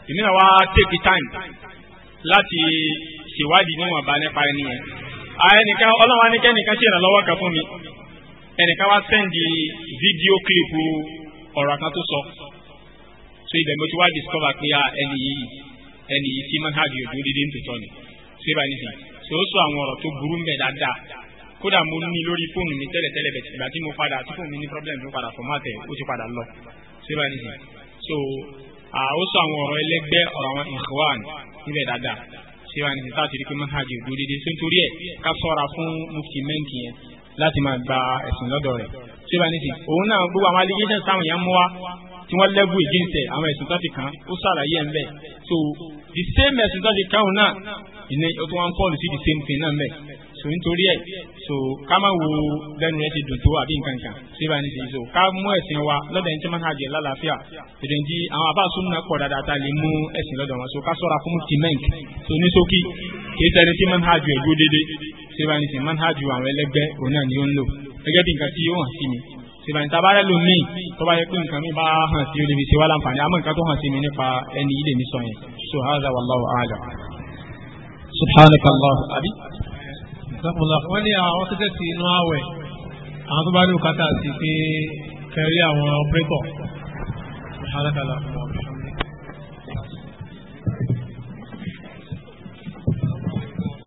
èmi náà wá take time láti ṣèwádìí níwọ̀n bá nípa ẹni yẹn ẹnìkan ọlọ́wọ́ anìkẹ́ ẹnìkan ṣèrànlọ́wọ́ kan fún mi ẹnìkan wá sẹ́ndì fídíò kílípù ọ̀rọ̀ kan tó sọ so ibẹ̀ mo ti wá discover pé ah, ẹni yìí ẹni yìí tí manhaj yóò dúró dédé ń tòótọ́ ni so ibà ní so ó sọ àwọn ọ̀rọ̀ tó burú ń bẹ dáadáa kódà mo ní lórí fóònù mi tẹ́lẹ̀tẹ́lẹ̀ bẹ̀ tìgbà tí mo padà tí fóònù mi ní problem mi padà format ẹ̀ ó ti padà lọ so ibà ní so ó sọ àwọn ọ̀rọ̀ ẹlẹ́gbẹ́ ọ̀rọ̀ àwọn ikhwan níbẹ̀ dáadáa so ibà ní sìn táà ti rí pé manhaj yóò dúró dédé so nítorí ẹ̀ láti máa gba ẹ̀sìn lọ́dọ̀ rẹ̀ tí ó bá ní sí òun náà gbogbo àwọn allegations táwọn èèyàn mú wá tí wọ́n lẹ́gùn ìjíǹsẹ̀ àwọn ẹ̀sùn tó ti kàn ó ṣàlàyé ẹ̀ ń bẹ̀ so the same ẹ̀sùn tó ti kàn òun náà ìní ó tún wá ń fọ́ọ̀lù sí the same thing náà ń bẹ̀ so nítorí ẹ̀ so ká má wo lẹ́nu rẹ̀ ti dùn tó àbí nǹkan kan tí ó bá ní sí so ká mú ẹ̀sìn wa lọ́dọ̀ ẹni tí wọ́n hàjẹ́ lálàáfíà so ká sọ́ra fún tìmẹ́ǹk síbáni sì manhaju àwọn ẹlẹgbẹ́ òun náà ni ó ń lò gẹ́gẹ́ bí nǹkan tí yóò hàn sí mi síbáni tabarẹ́ ló mí tó bá yẹ pé nǹkan mi bá hàn sí olè fi ṣe wá láǹfààní àmọ́ nǹkan tó hàn sí mi nípa ẹni ilé mi sọ yẹn so haza wallahu a'lam. subhanaka allah abi. ìsàkùnlá wọn ní àwọn tẹ́tẹ́ ti inú àwẹ̀ àwọn tó bá ní òkúta sí pé kẹrí àwọn ọpẹ́tọ̀ subhanaka allah.